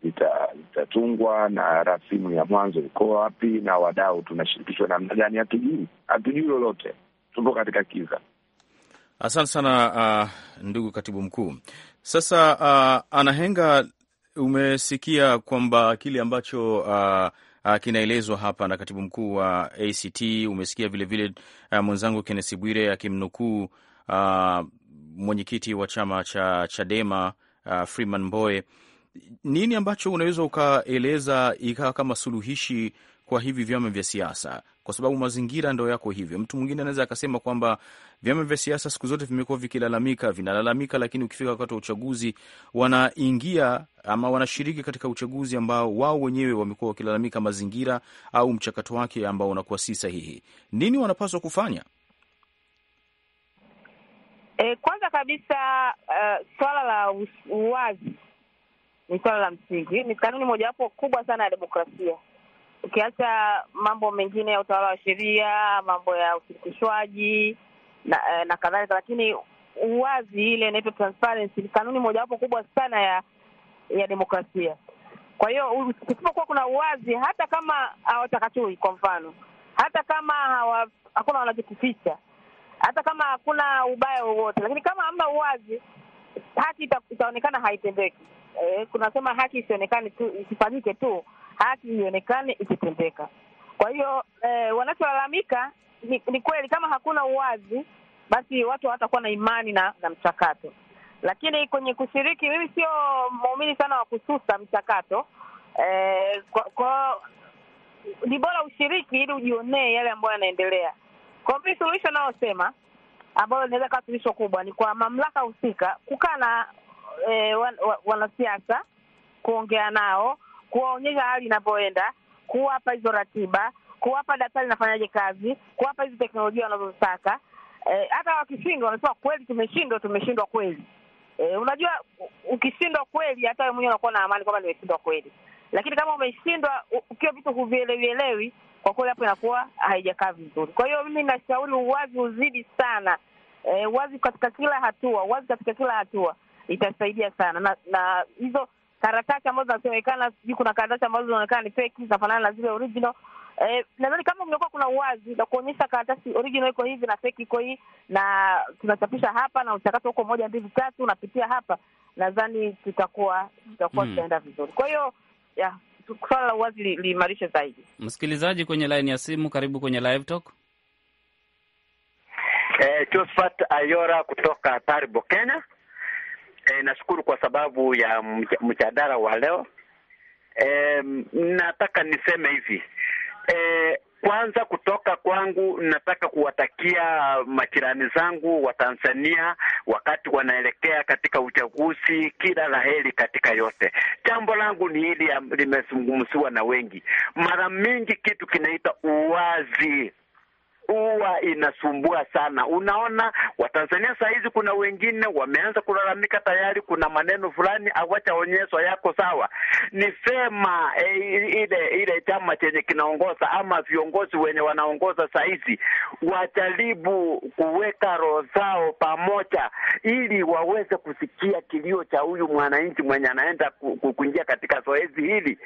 zitatungwa na rasimu ya mwanzo iko wapi na wadau tunashirikishwa namna gani, hatujui, hatujui lolote, tupo katika kiza. Asante sana uh, ndugu katibu mkuu. Sasa uh, Anahenga, umesikia kwamba kile ambacho uh, uh, kinaelezwa hapa na katibu mkuu wa uh, ACT. Umesikia vilevile uh, mwenzangu Kennesi Bwire akimnukuu uh, mwenyekiti wa chama cha Chadema uh, Freeman Mbowe. Nini ambacho unaweza ukaeleza ikawa kama suluhishi kwa hivi vyama vya siasa, kwa sababu mazingira ndo yako hivyo. Mtu mwingine anaweza akasema kwamba vyama vya siasa siku zote vimekuwa vikilalamika, vinalalamika, lakini ukifika wakati wa uchaguzi wanaingia ama wanashiriki katika uchaguzi ambao wao wenyewe wamekuwa wakilalamika mazingira au mchakato wake ambao unakuwa si sahihi. Nini wanapaswa kufanya? E, kwanza kabisa uh, swala la uwazi ni swala la msingi. Hii ni kanuni mojawapo kubwa sana ya demokrasia ukiacha mambo mengine ya utawala wa sheria, mambo ya ushirikishwaji na, eh, na kadhalika, lakini uwazi, ile inaitwa transparency, ni kanuni mojawapo kubwa sana ya ya demokrasia. Kwa hiyo kusipokuwa kuna uwazi, hata kama hawatakatui, kwa mfano, hata kama hawa, hakuna wanachokificha, hata kama hakuna ubaya wowote, lakini kama hamna uwazi, haki ita, itaonekana haitendeki. E, kunasema haki isionekane tu, isifanyike tu haki ionekane ikitendeka. Kwa hiyo eh, wanacholalamika ni, ni kweli kama hakuna uwazi, basi watu hawatakuwa na imani na, na mchakato. Lakini kwenye kushiriki, mimi sio muumini sana wa kususa mchakato eh, kwa, kwa ni bora ushiriki ili ujionee yale ambayo yanaendelea. Kwa mimi suluhisho nayosema ambayo inaweza kawa suluhisho kubwa ni kwa mamlaka husika kukaa na eh, wan, wan, kuongea nao kuwaonyesha hali inavyoenda, kuwapa hizo ratiba, kuwapa daktari inafanyaje kazi, kuwapa hizi teknolojia Hata E, hata wakishindwa wanasema kweli, tumeshindwa, tumeshindwa kweli. E, unajua ukishindwa kweli, hata wewe mwenyewe unakuwa na amani kwamba nimeshindwa kweli, lakini kama umeshindwa ukiwa vitu huvielewielewi, kwa kweli hapo inakuwa haijakaa vizuri. Kwa hiyo mimi nashauri uwazi uzidi sana, e, katika kila hatua, uwazi katika kila hatua itasaidia sana na, na hizo karatasi ambazo zinasemekana, sijui kuna karatasi ambazo zinaonekana ni feki zinafanana na zile original. Eh, nadhani kama mngekuwa kuna uwazi na kuonyesha karatasi original iko hivi na feki iko hii, na tunachapisha hapa na mchakato huko, moja mbili tatu, unapitia hapa, nadhani tutakuwa tutakuwa hmm. tutaenda vizuri. Kwa hiyo swala la uwazi liimarishe li zaidi. Msikilizaji kwenye line ya simu, karibu kwenye live talk. Eh, Josephat Ayora kutoka Taribo, Kenya. E, nashukuru kwa sababu ya mjadala wa leo. E, nataka niseme hivi e, kwanza kutoka kwangu nataka kuwatakia majirani zangu wa Tanzania wakati wanaelekea katika uchaguzi kila heri katika yote. Jambo langu ni hili, limezungumziwa na wengi mara mingi, kitu kinaita uwazi huwa inasumbua sana. Unaona, Watanzania saa hizi kuna wengine wameanza kulalamika tayari, kuna maneno fulani awacha onyeshwa yako sawa, ni sema e, ile ile chama chenye kinaongoza ama viongozi wenye wanaongoza saa hizi wajaribu kuweka roho zao pamoja, ili waweze kusikia kilio cha huyu mwananchi mwenye anaenda kuingia katika zoezi hili.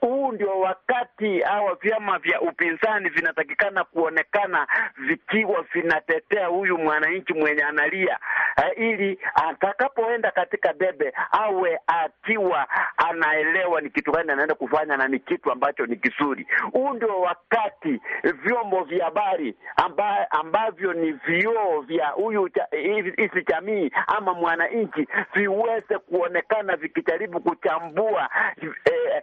Huu ndio wakati hawa vyama vya upinzani vinatakikana kuonekana vikiwa vinatetea huyu mwananchi mwenye analia eh, ili atakapoenda katika debe awe akiwa anaelewa ni kitu gani anaenda kufanya na ni kitu ambacho ni kizuri. Huu ndio wakati vyombo vya habari amba, ambavyo ni vioo vya huyu hizi jamii ama mwananchi viweze kuonekana vikijaribu kuchambua eh,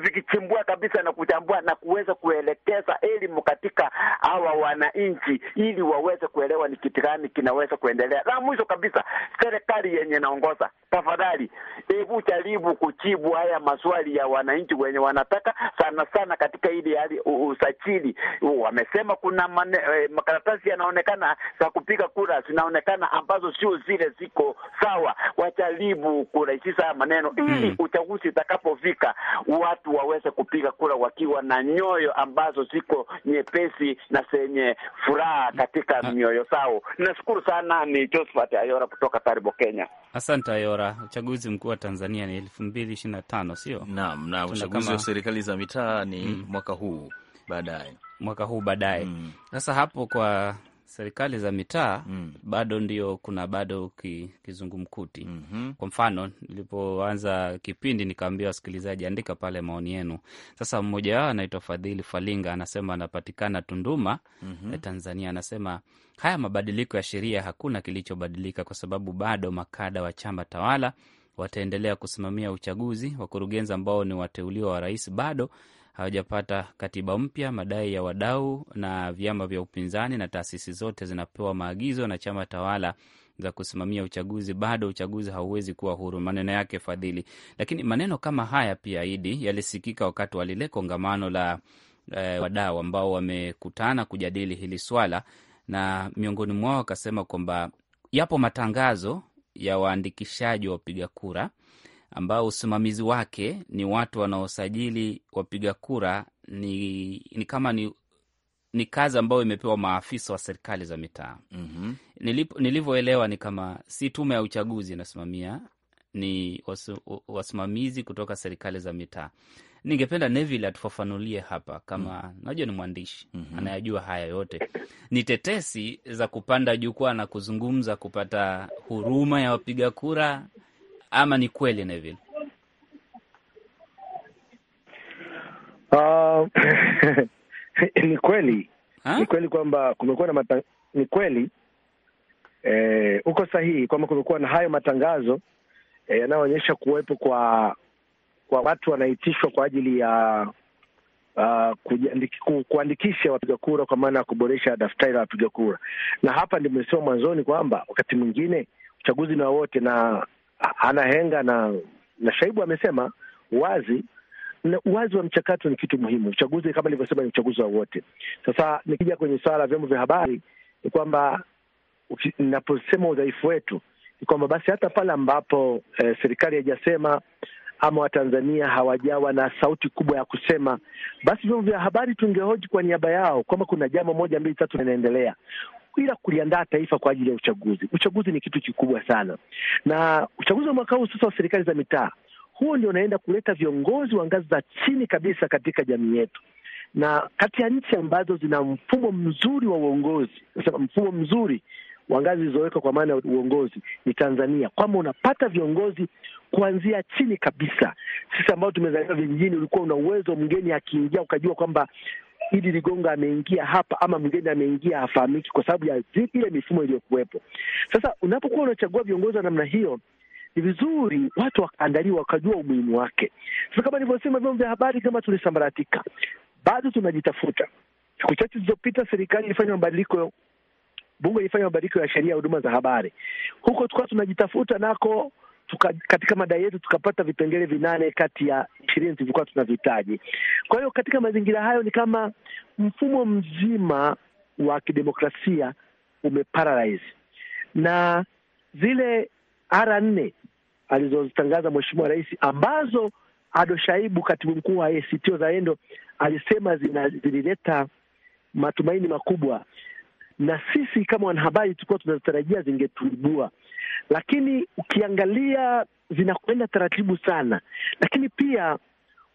vikichimbua kabisa na kuchambua na kuweza kuelekeza elimu katika hawa wananchi, ili waweze kuelewa ni kitu gani kinaweza kuendelea. La mwisho kabisa, serikali yenye naongoza, tafadhali, hebu jaribu kujibu haya maswali ya wananchi wenye wanataka sana sana katika ili hali usajili. Wamesema kuna mane, eh, makaratasi yanaonekana za kupiga kura zinaonekana ambazo sio zile ziko sawa. Wajaribu kurahisisha haya maneno hmm. ili mm, uchaguzi utakapofika watu waweze kupiga kura wakiwa na nyoyo ambazo ziko nyepesi na zenye wenye furaha katika ha, ah. mioyo zao. Nashukuru sana. Ni Josephat Ayora kutoka Taribo, Kenya. Asante Ayora. Uchaguzi mkuu wa Tanzania ni elfu mbili ishirini na tano sio? Naam, na uchaguzi kama... wa serikali za mitaa ni mm, mwaka huu baadaye, mwaka huu baadaye. Hmm. Sasa mm, hapo kwa serikali za mitaa mm. bado ndio kuna bado ki, kizungumkuti mm -hmm. Kwa mfano nilipoanza kipindi nikaambia wasikilizaji, andika pale maoni yenu. Sasa mmoja wao anaitwa Fadhili Falinga anasema anapatikana Tunduma mm -hmm. Tanzania, anasema haya mabadiliko ya sheria hakuna kilichobadilika kwa sababu bado makada wa chama tawala wataendelea kusimamia uchaguzi. Wakurugenzi ambao ni wateuliwa wa rais bado hawajapata katiba mpya. Madai ya wadau na vyama vya upinzani na taasisi zote zinapewa maagizo na chama tawala za kusimamia uchaguzi, bado uchaguzi hauwezi kuwa huru. Maneno yake Fadhili. Lakini maneno kama haya pia Idi yalisikika wakati wa lile kongamano la eh, wadau ambao wamekutana kujadili hili swala, na miongoni mwao wakasema kwamba yapo matangazo ya waandikishaji wa wapiga kura ambao usimamizi wake ni watu wanaosajili wapiga kura ni, ni kama ni, ni kazi ambayo imepewa maafisa wa serikali za mitaa mm -hmm. Nilivyoelewa ni kama si tume ya uchaguzi inasimamia, ni wasimamizi kutoka serikali za mitaa. Ningependa Neville atufafanulie hapa kama mm. Najua ni mwandishi mm -hmm. anayajua haya yote. Ni tetesi za kupanda jukwaa na kuzungumza kupata huruma ya wapiga kura ama ni kweli Neville? Uh, *laughs* ni kweli ha? Ni kweli kwamba kumekuwa na mata... ni kweli eh, uko sahihi kwamba kumekuwa na hayo matangazo eh, yanayoonyesha kuwepo kwa kwa watu wanaitishwa kwa ajili ya uh, kujandiki, ku, kuandikisha wapiga kura kwa maana ya kuboresha daftari la wapiga kura, na hapa ndimesema mwanzoni kwamba wakati mwingine uchaguzi na wote na hana henga na na Shaibu amesema wazi na uwazi wa mchakato ni kitu muhimu. Uchaguzi kama nilivyosema ni uchaguzi wa wote. Sasa nikija kwenye swala la vyombo vya habari, ni kwamba inaposema udhaifu wetu ni kwamba basi hata pale ambapo eh, serikali haijasema ama Watanzania hawajawa na sauti kubwa ya kusema, basi vyombo vya habari tungehoji kwa niaba yao kwamba kuna jambo moja mbili tatu linaendelea bila kuliandaa taifa kwa ajili ya uchaguzi. Uchaguzi ni kitu kikubwa sana, na uchaguzi wa mwaka huu sasa wa serikali za mitaa, huo ndio unaenda kuleta viongozi wa ngazi za chini kabisa katika jamii yetu na kati ya nchi ambazo zina mfumo mzuri wa uongozi, mfumo mzuri wa ngazi zilizowekwa kwa maana ya uongozi ni Tanzania, kwamba unapata viongozi kuanzia chini kabisa. Sisi ambao tumezaliwa vijijini, ulikuwa una uwezo, mgeni akiingia ukajua kwamba Idi Ligonga ameingia hapa ama mgeni ameingia hafahamiki, kwa sababu ya ile mifumo iliyokuwepo. Sasa unapokuwa unachagua viongozi wa namna hiyo, ni vizuri watu wakaandaliwa, wakajua umuhimu wake. Sasa kama nilivyosema, vyombo vya habari kama tulisambaratika, bado tunajitafuta. Siku chache zilizopita, serikali ilifanya mabadiliko, bunge ilifanya mabadiliko ya sheria ya huduma za habari, huko tukawa tunajitafuta nako tuka, katika madai yetu tukapata vipengele vinane kati ya ishirini tulivyokuwa tunavihitaji. Kwa hiyo katika mazingira hayo ni kama mfumo mzima wa kidemokrasia umeparalyze na zile ara nne alizozitangaza Mheshimiwa Rais ambazo Ado Shaibu, katibu mkuu wa ACT Wazalendo, alisema zilileta matumaini makubwa na sisi kama wanahabari tulikuwa tunatarajia zingetuibua, lakini ukiangalia zinakwenda taratibu sana. Lakini pia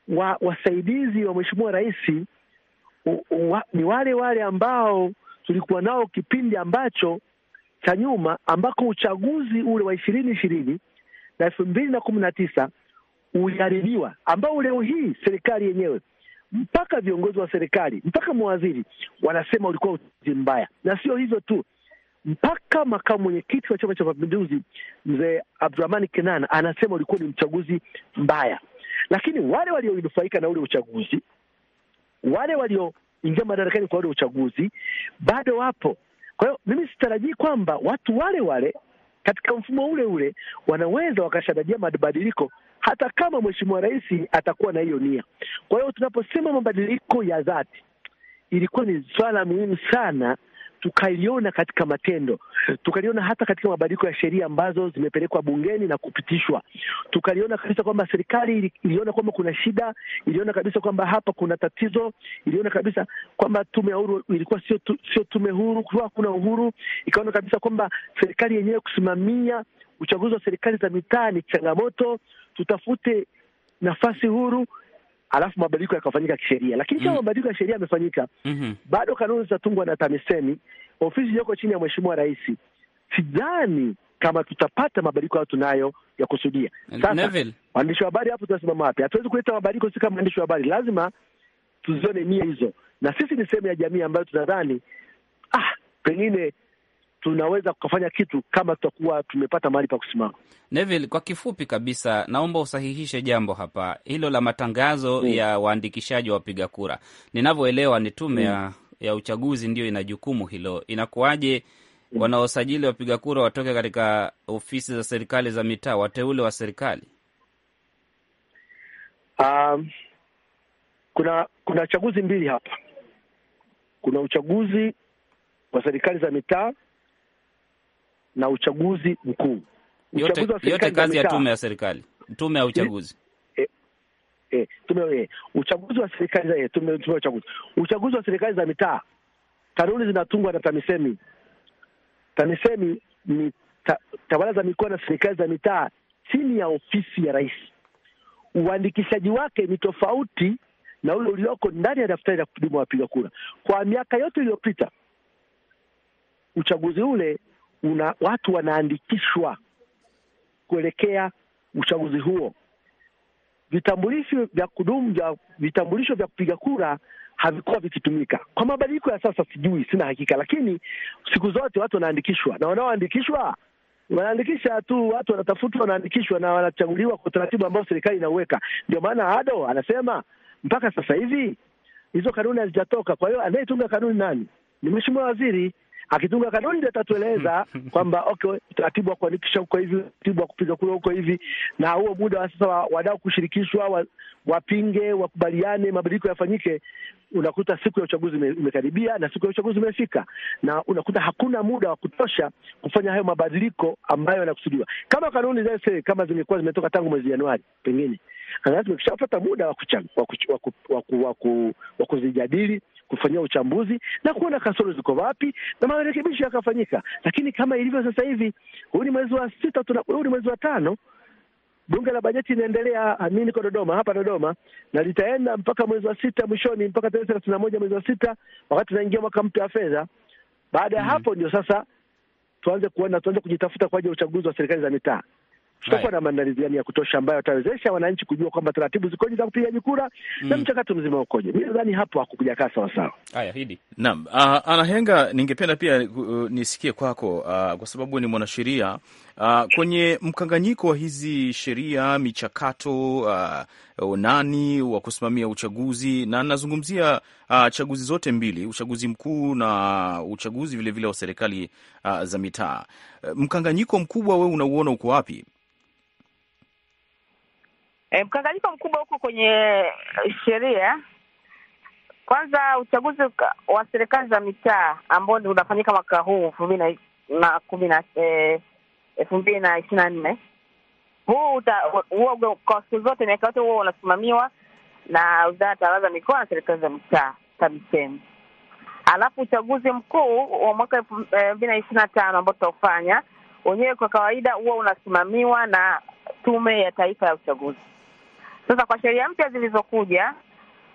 wa, wasaidizi wa mheshimiwa rais wa, ni wale wale ambao tulikuwa nao kipindi ambacho cha nyuma ambako uchaguzi ule wa ishirini ishirini na elfu mbili na kumi na tisa uliharibiwa, ambao leo hii serikali yenyewe mpaka viongozi wa serikali, mpaka mawaziri wanasema ulikuwa uchaguzi mbaya. Na sio hivyo tu, mpaka makamu mwenyekiti wa Chama cha Mapinduzi mzee Abdurahmani Kenana anasema ulikuwa ni mchaguzi mbaya, lakini wale walionufaika na ule uchaguzi, wale walioingia madarakani kwa ule uchaguzi bado wapo. Kwa hiyo mimi sitarajii kwamba watu wale wale katika mfumo ule ule wanaweza wakashatajia mabadiliko hata kama mheshimiwa rais atakuwa na hiyo nia. Kwa hiyo tunaposema mabadiliko ya dhati, ilikuwa ni swala muhimu sana tukaliona katika matendo, tukaliona hata katika mabadiliko ya sheria ambazo zimepelekwa bungeni na kupitishwa. Tukaliona kabisa kwamba serikali iliona kwamba kuna shida, iliona kabisa kwamba hapa kuna tatizo, iliona kabisa kwamba tume ya uhuru ilikuwa sio sio tume huru, kuwa kuna uhuru, ikaona kabisa kwamba serikali yenyewe kusimamia uchaguzi wa serikali za mitaa ni changamoto tutafute nafasi huru, alafu mabadiliko yakafanyika kisheria. Lakini kama mm. mabadiliko ya sheria yamefanyika, mm -hmm. bado kanuni zitatungwa na TAMISEMI, ofisi iliyoko chini ya mheshimiwa rais, sidhani kama tutapata mabadiliko hayo tunayo ya kusudia. Sasa waandishi wa habari hapo tunasimama wapi? Hatuwezi kuleta mabadiliko sisi kama waandishi wa habari, lazima tuzione nia hizo, na sisi ni sehemu ya jamii ambayo tunadhani ah, pengine tunaweza kukafanya kitu kama tutakuwa tumepata mahali pa kusimama. Neville, kwa kifupi kabisa, naomba usahihishe jambo hapa, hilo la matangazo mm. ya waandikishaji wa wapiga kura. Ninavyoelewa ni tume mm. ya uchaguzi ndio ina jukumu hilo. Inakuwaje mm. wanaosajili wapiga kura watoke katika ofisi za serikali za mitaa, wateule wa serikali? Um, kuna kuna chaguzi mbili hapa. Kuna uchaguzi wa serikali za mitaa na uchaguzi mkuu. yote, yote kazi ya tume ya serikali, tume ya eh, uchaguzi e, e, tume, e, uchaguzi wa serikali e, tume, tume uchaguzi uchaguzi wa serikali za mitaa, kanuni zinatungwa na TAMISEMI. TAMISEMI ni ta, tawala za mikoa na serikali za mitaa chini ya ofisi ya rais. Uandikishaji wake ni tofauti na ule ulioko ndani ya daftari la kudumu wapiga kura. Kwa miaka yote iliyopita uchaguzi ule una watu wanaandikishwa kuelekea uchaguzi huo. Vitambulisho vya kudumu vya vitambulisho vya kupiga kura havikuwa vikitumika. Kwa mabadiliko ya sasa, sijui, sina hakika, lakini siku zote watu wanaandikishwa, na wanaoandikishwa wanaandikisha tu, watu wanatafutwa, wanaandikishwa na wanachaguliwa kwa utaratibu ambao serikali inauweka. Ndio maana Ado anasema mpaka sasa hivi hizo kanuni hazijatoka. Kwa hiyo anayetunga kanuni nani? Ni mheshimiwa waziri. Akitunga kanuni ndio atatueleza *laughs* kwamba okay, utaratibu wa kuandikisha huko hivi, utaratibu wa kupiga kura huko hivi, na huo muda wa sasa wadau kushirikishwa wapinge wakubaliane, mabadiliko yafanyike. Unakuta siku ya uchaguzi imekaribia na siku ya uchaguzi imefika, na unakuta hakuna muda wa kutosha kufanya hayo mabadiliko ambayo yanakusudiwa. Kama kanuni sasa, kama zingekuwa zimetoka tangu mwezi Januari, pengine angalau tumeshapata muda wa kuzijadili kufanyia uchambuzi na kuona kasoro ziko wapi na marekebisho yakafanyika. Lakini kama ilivyo sasa hivi, huu ni mwezi wa sita, huu ni mwezi wa tano, bunge la bajeti inaendelea. Ah, Mi niko Dodoma, hapa Dodoma, na litaenda mpaka mwezi wa sita mwishoni, mpaka tarehe thelathini na moja mwezi wa sita, wakati naingia mwaka mpya wa fedha. Baada ya mm -hmm. hapo ndio sasa tuanze kuona, tuanze kujitafuta kwa ajili ya uchaguzi wa serikali za mitaa tutakuwa na maandalizi gani ya kutosha ambayo atawezesha wananchi kujua kwamba taratibu zikoje za kupigaji kura mm. na hmm. mchakato mzima ukoje. Mi nadhani hapo hakukuja kaa sawasawa. Haya, hidi naam. Uh, Anahenga, ningependa pia uh, nisikie kwako uh, kwa sababu ni mwanasheria uh, kwenye mkanganyiko wa hizi sheria michakato uh, nani wa kusimamia uchaguzi na nazungumzia uh, chaguzi zote mbili, uchaguzi mkuu na uchaguzi vilevile vile wa serikali uh, za mitaa. Uh, mkanganyiko mkubwa wewe unauona uko wapi? E, mkanganyiko mkubwa huko kwenye eh, sheria. Kwanza, uchaguzi wa serikali za mitaa ambao ndio unafanyika mwaka huu elfu mbili na kumi na eh, elfu mbili na ishirini na nne huu huo kwa siku zote miaka yote huo unasimamiwa na wizara ya tawala za mikoa na serikali za mitaa TAMISEMI. Alafu uchaguzi mkuu wa mwaka elfu mbili na ishirini na tano ambao tutaufanya wenyewe, kwa kawaida huwa unasimamiwa na Tume ya Taifa ya Uchaguzi. Sasa kwa sheria mpya zilizokuja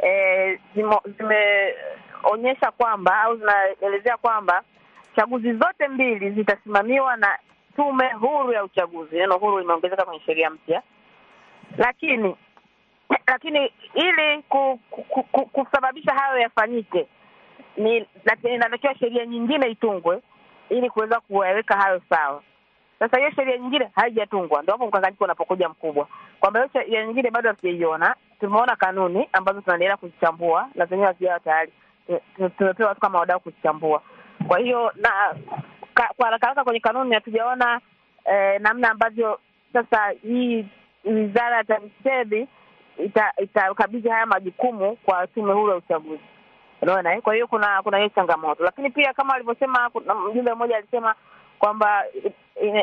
e, zimeonyesha kwamba au zinaelezea kwamba chaguzi zote mbili zitasimamiwa na tume huru ya uchaguzi. Neno huru limeongezeka kwenye sheria mpya, lakini lakini ili ku, ku, ku, kusababisha hayo yafanyike, ni inatakiwa sheria nyingine itungwe ili kuweza kuwaweka hayo sawa. Sasa hiyo sheria nyingine haijatungwa, ndio hapo mkanganyiko unapokuja mkubwa, kwamba hiyo sheria nyingine bado hatujaiona. Tumeona kanuni ambazo tunaendelea kuzichambua na zenyewe hazijawa tayari, tumepewa tu kama wadau kuzichambua. Kwa hiyo na ka, kwa haraka haraka kwenye kanuni hatujaona eh, namna ambavyo sasa hii wizara ya TAMISEMI itakabidhi ita haya majukumu kwa tume huru ya uchaguzi. Unaona, eh? kwa hiyo kuna kuna hiyo changamoto, lakini pia kama alivyosema mjumbe mmoja alisema kwamba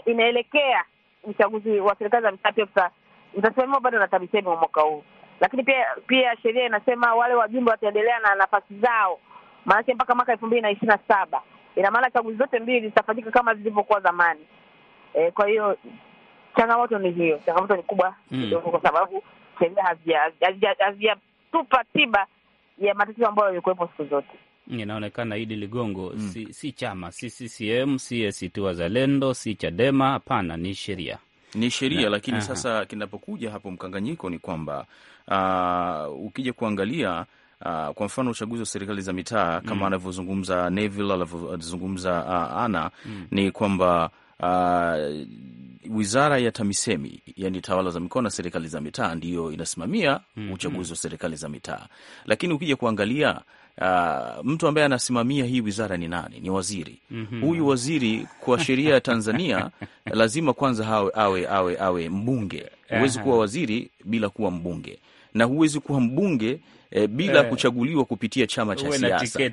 inaelekea uchaguzi wa serikali za mtaa pia utasimamiwa bado na TAMISEMI wa mwaka huu, lakini pia pia sheria inasema wale wajumbe wataendelea na nafasi zao, maanake mpaka mwaka elfu mbili na ishirini na saba. Ina maana chaguzi zote mbili zitafanyika kama zilivyokuwa zamani. E, kwa hiyo changamoto ni hiyo, changamoto ni kubwa hmm. kidogo mm, kwa sababu sheria hazijatupa tiba ya matatizo ambayo yamekuwepo siku zote inaonekana Idi Ligongo mm. si, si chama si CCM si ACT Wazalendo si Chadema, hapana, ni sheria ni sheria lakini, aha. Sasa kinapokuja hapo mkanganyiko ni kwamba uh, ukija kuangalia uh, kwa mfano uchaguzi wa serikali za mitaa kama mm. anavyozungumza Neville anavyozungumza uh, ana mm. ni kwamba uh, wizara ya TAMISEMI yani tawala za mikoa na serikali za mitaa ndiyo inasimamia mm. uchaguzi mm. wa serikali za mitaa, lakini ukija kuangalia uh, mtu ambaye anasimamia hii wizara ni nani? Ni waziri mm -hmm. Huyu waziri kwa sheria ya Tanzania *laughs* lazima kwanza hawe, awe, awe, awe mbunge. Huwezi kuwa waziri bila kuwa mbunge na huwezi kuwa mbunge E, bila eh, kuchaguliwa kupitia chama cha siasa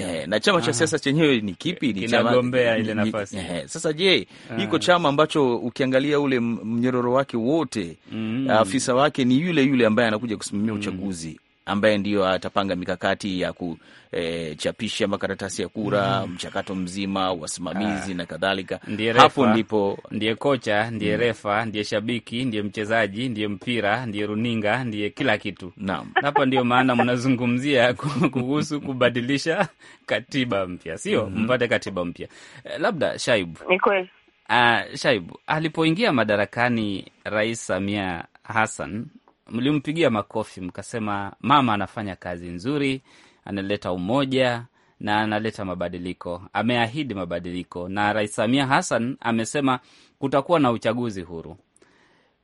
e, na chama cha siasa chenyewe ni kipi? Ni chama ile nafasi e. Sasa je, iko ah. chama ambacho ukiangalia ule mnyororo wake wote mm, afisa wake ni yule yule ambaye anakuja kusimamia mm. uchaguzi mm ambaye ndiyo atapanga mikakati ya kuchapisha e, makaratasi ya kura mm. mchakato mzima, wasimamizi ah. na kadhalika. Hapo ndipo ndiye kocha, ndiye mm. refa, ndiye shabiki, ndiye mchezaji, ndiye mpira, ndiye runinga, ndiye kila kitu. Naam, hapo ndio maana mnazungumzia kuhusu kubadilisha katiba mpya, sio mm-hmm. mpate katiba mpya. Eh, labda Shaibu, ni kweli Uh, Shaibu, alipoingia madarakani Rais Samia Hassan mlimpigia makofi mkasema, mama anafanya kazi nzuri, analeta umoja na analeta mabadiliko, ameahidi mabadiliko. Na Rais Samia Hassan amesema kutakuwa na uchaguzi huru,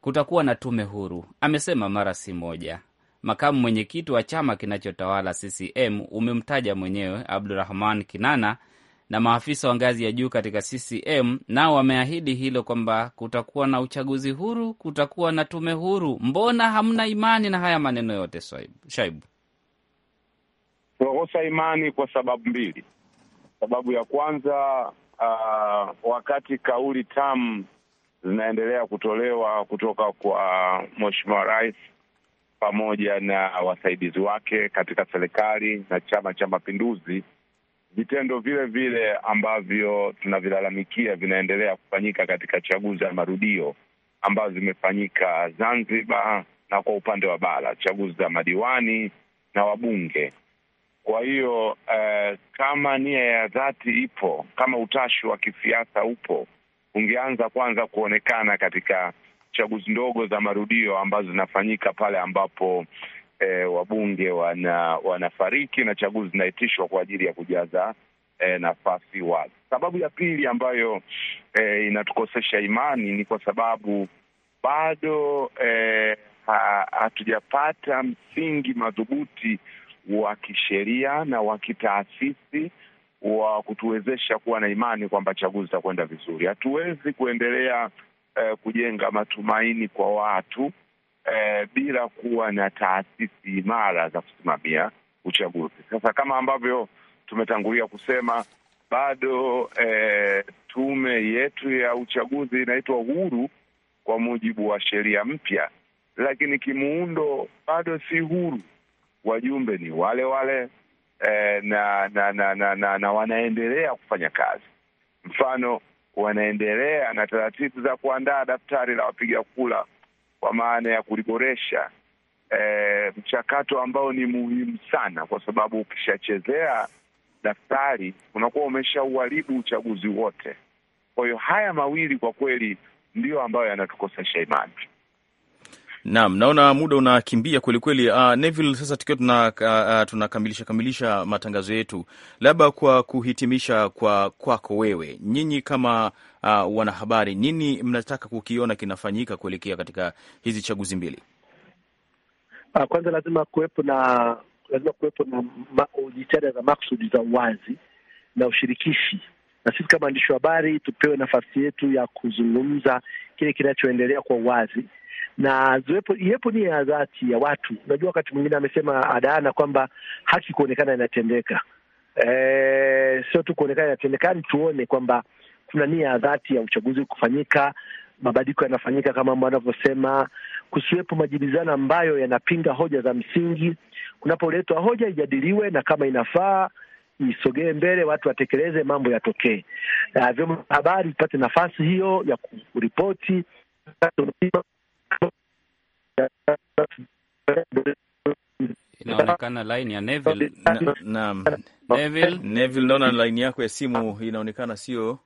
kutakuwa na tume huru, amesema mara si moja. Makamu mwenyekiti wa chama kinachotawala CCM umemtaja mwenyewe Abdurahman Kinana na maafisa wa ngazi ya juu katika CCM nao wameahidi hilo kwamba kutakuwa na uchaguzi huru, kutakuwa na tume huru. Mbona hamna imani na haya maneno yote, Shaibu? Tunakosa imani kwa sababu mbili. Sababu ya kwanza uh, wakati kauli tamu zinaendelea kutolewa kutoka kwa Mheshimiwa Rais pamoja na wasaidizi wake katika serikali na Chama cha Mapinduzi vitendo vile vile ambavyo tunavilalamikia vinaendelea kufanyika katika chaguzi za marudio ambazo zimefanyika Zanzibar na kwa upande wa bara chaguzi za madiwani na wabunge. Kwa hiyo eh, kama nia ya dhati ipo, kama utashi wa kisiasa upo, ungeanza kwanza kuonekana katika chaguzi ndogo za marudio ambazo zinafanyika pale ambapo eh, wabunge wana, wanafariki na chaguzi zinaitishwa kwa ajili ya kujaza eh, nafasi wazi. Sababu ya pili ambayo eh, inatukosesha imani ni kwa sababu bado eh, hatujapata ha, msingi madhubuti wa kisheria na wa kitaasisi wa kutuwezesha kuwa na imani kwamba chaguzi zitakwenda vizuri. Hatuwezi kuendelea eh, kujenga matumaini kwa watu eh, bila kuwa na taasisi imara za kusimamia uchaguzi. Sasa kama ambavyo tumetangulia kusema bado eh, tume yetu ya uchaguzi inaitwa huru kwa mujibu wa sheria mpya, lakini kimuundo bado si huru. Wajumbe ni wale wale eh, na, na, na, na, na, na wanaendelea kufanya kazi. Mfano, wanaendelea na taratibu za kuandaa daftari la wapiga kura kwa maana ya kuliboresha eh, mchakato ambao ni muhimu sana, kwa sababu ukishachezea daftari, unakuwa umeshauharibu uchaguzi wote. Kwa hiyo haya mawili kwa kweli ndiyo ambayo yanatukosesha imani. Naam, naona muda unakimbia kwelikweli. kweli. Uh, Neville, sasa tukiwa tuna, uh, tunakamilisha kamilisha matangazo yetu, labda kwa kuhitimisha kwa kwako wewe, nyinyi kama uh, wanahabari, nini mnataka kukiona kinafanyika kuelekea katika hizi chaguzi mbili? Kwanza lazima kuwepo na lazima kuwepo na jitihada za maksudi za uwazi na ushirikishi, na sisi kama waandishi wa habari tupewe nafasi yetu ya kuzungumza kile kinachoendelea kwa uwazi na iwepo nia ya dhati ya watu. Unajua, wakati mwingine amesema Adaana kwamba haki kuonekana inatendeka. E, sio tu kuonekana inatendeka, yani tuone kwamba kuna nia ya dhati ya uchaguzi kufanyika, mabadiliko yanafanyika kama ambao anavyosema kusiwepo majibizano ambayo yanapinga hoja za msingi. Kunapoletwa hoja ijadiliwe, na kama inafaa isogee mbele, watu watekeleze, mambo yatokee, na vyombo vya habari vipate nafasi hiyo ya kuripoti Inaonekana laini ya Neville, naona yako ya simu inaonekana sio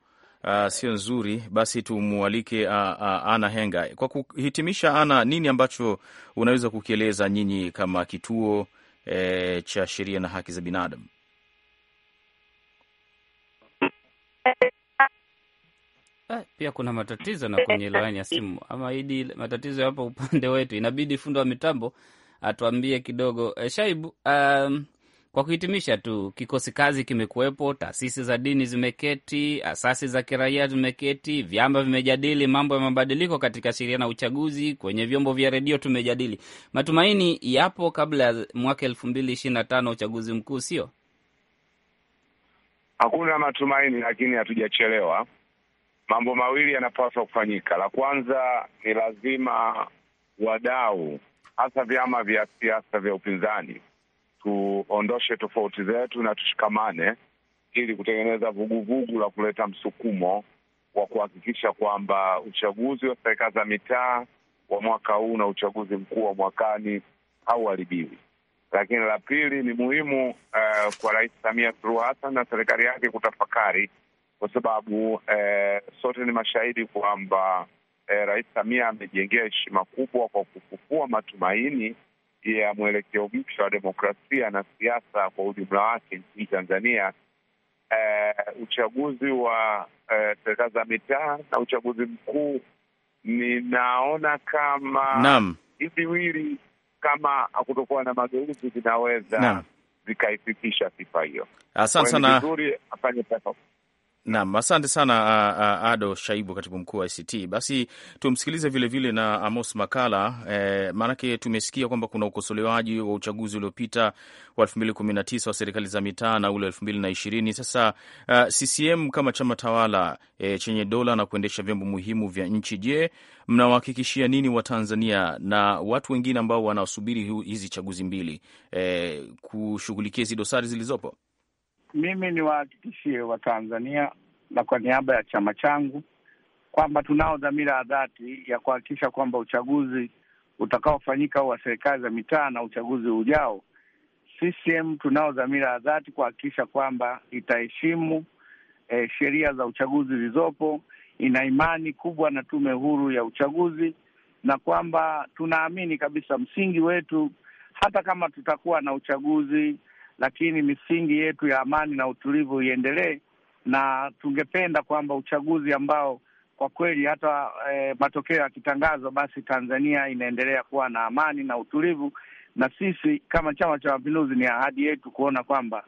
uh, sio nzuri, basi tumwalike uh, ah, uh, ah, Ana Henga. Kwa kuhitimisha, Ana, nini ambacho unaweza kukieleza nyinyi kama kituo eh, cha sheria na haki za binadamu? Eh, pia kuna matatizo na kwenye laini ya simu ama idi matatizo yapo upande wetu, inabidi fundo wa mitambo atuambie kidogo. E, Shaibu, um, kwa kuhitimisha tu, kikosi kazi kimekuwepo, taasisi za dini zimeketi, asasi za kiraia zimeketi, vyama vimejadili mambo ya mabadiliko katika sheria na uchaguzi, kwenye vyombo vya redio tumejadili. Matumaini yapo kabla ya mwaka elfu mbili ishirini na tano uchaguzi mkuu, sio? Hakuna matumaini, lakini hatujachelewa. Mambo mawili yanapaswa kufanyika. La kwanza ni lazima wadau, hasa vyama vya siasa vya upinzani tuondoshe tofauti zetu na tushikamane ili kutengeneza vuguvugu la kuleta msukumo wa kuhakikisha kwamba uchaguzi wa serikali za mitaa wa mwaka huu na uchaguzi mkuu wa mwakani hauharibiwi. Lakini la pili ni muhimu uh, kwa Rais Samia Suluhu Hassan na serikali yake kutafakari, kwa sababu uh, sote ni mashahidi kwamba uh, Rais Samia amejengea heshima kubwa kwa kufufua matumaini ya mwelekeo mpya wa demokrasia na siasa kwa ujumla wake nchini Tanzania. Uh, uchaguzi wa uh, serikali za mitaa na uchaguzi mkuu ninaona kama naam, hivi wili kama hakutokuwa na mageuzi vinaweza zikaifikisha sifa hiyo. Asante sana. Naam, asante sana a, a, Ado Shaibu, katibu mkuu wa ICT. Basi tumsikilize vilevile na Amos Makala e, maanake tumesikia kwamba kuna ukosolewaji wa uchaguzi uliopita wa elfu mbili kumi na tisa wa serikali za mitaa na ule elfu mbili na ishirini Sasa a, CCM kama chama tawala e, chenye dola na kuendesha vyombo muhimu vya nchi, je, mnawahakikishia nini Watanzania na watu wengine ambao wanasubiri hizi chaguzi mbili e, kushughulikia hizi dosari zilizopo? mimi niwahakikishie Watanzania na kwa niaba ya chama changu kwamba tunao dhamira ya dhati ya kuhakikisha kwamba uchaguzi utakaofanyika wa serikali za mitaa na uchaguzi ujao, CCM tunao dhamira ya dhati kuhakikisha kwamba itaheshimu eh, sheria za uchaguzi zilizopo. Ina imani kubwa na tume huru ya uchaguzi na kwamba tunaamini kabisa msingi wetu, hata kama tutakuwa na uchaguzi lakini misingi yetu ya amani na utulivu iendelee, na tungependa kwamba uchaguzi ambao kwa kweli hata e, matokeo yakitangazwa, basi Tanzania inaendelea kuwa na amani na utulivu. Na sisi kama Chama cha Mapinduzi, ni ahadi yetu kuona kwamba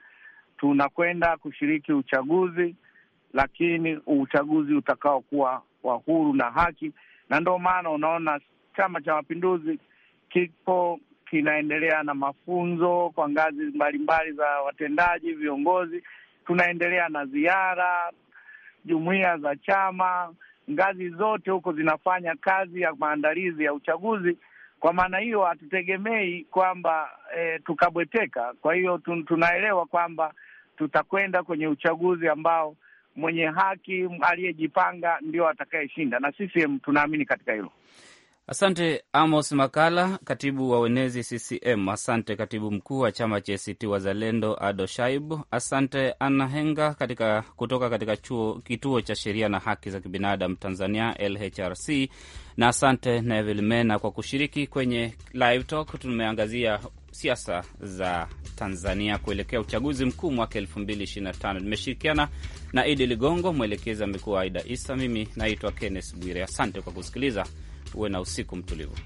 tunakwenda kushiriki uchaguzi, lakini uchaguzi utakaokuwa wa huru na haki, na ndio maana unaona Chama cha Mapinduzi kipo kinaendelea na mafunzo kwa ngazi mbalimbali za watendaji, viongozi. Tunaendelea na ziara, jumuiya za chama, ngazi zote huko zinafanya kazi ya maandalizi ya uchaguzi. Kwa maana hiyo hatutegemei kwamba e, tukabweteka. Kwa hiyo tunaelewa kwamba tutakwenda kwenye uchaguzi ambao mwenye haki aliyejipanga ndio atakayeshinda, na CCM tunaamini katika hilo. Asante Amos Makala, katibu wa wenezi CCM. Asante katibu mkuu wa chama cha ACT Wazalendo Ado Shaib. Asante Anna Henga katika, kutoka katika chuo, kituo cha sheria na haki za kibinadamu Tanzania LHRC, na asante Nevil Mena kwa kushiriki kwenye Live Talk. Tumeangazia siasa za Tanzania kuelekea uchaguzi mkuu mwaka 225 Nimeshirikiana na Idi Ligongo, mwelekezi amekuwa Aida Isa, mimi naitwa Kenneth Bwire. Asante kwa kusikiliza. Uwe na usiku mtulivu.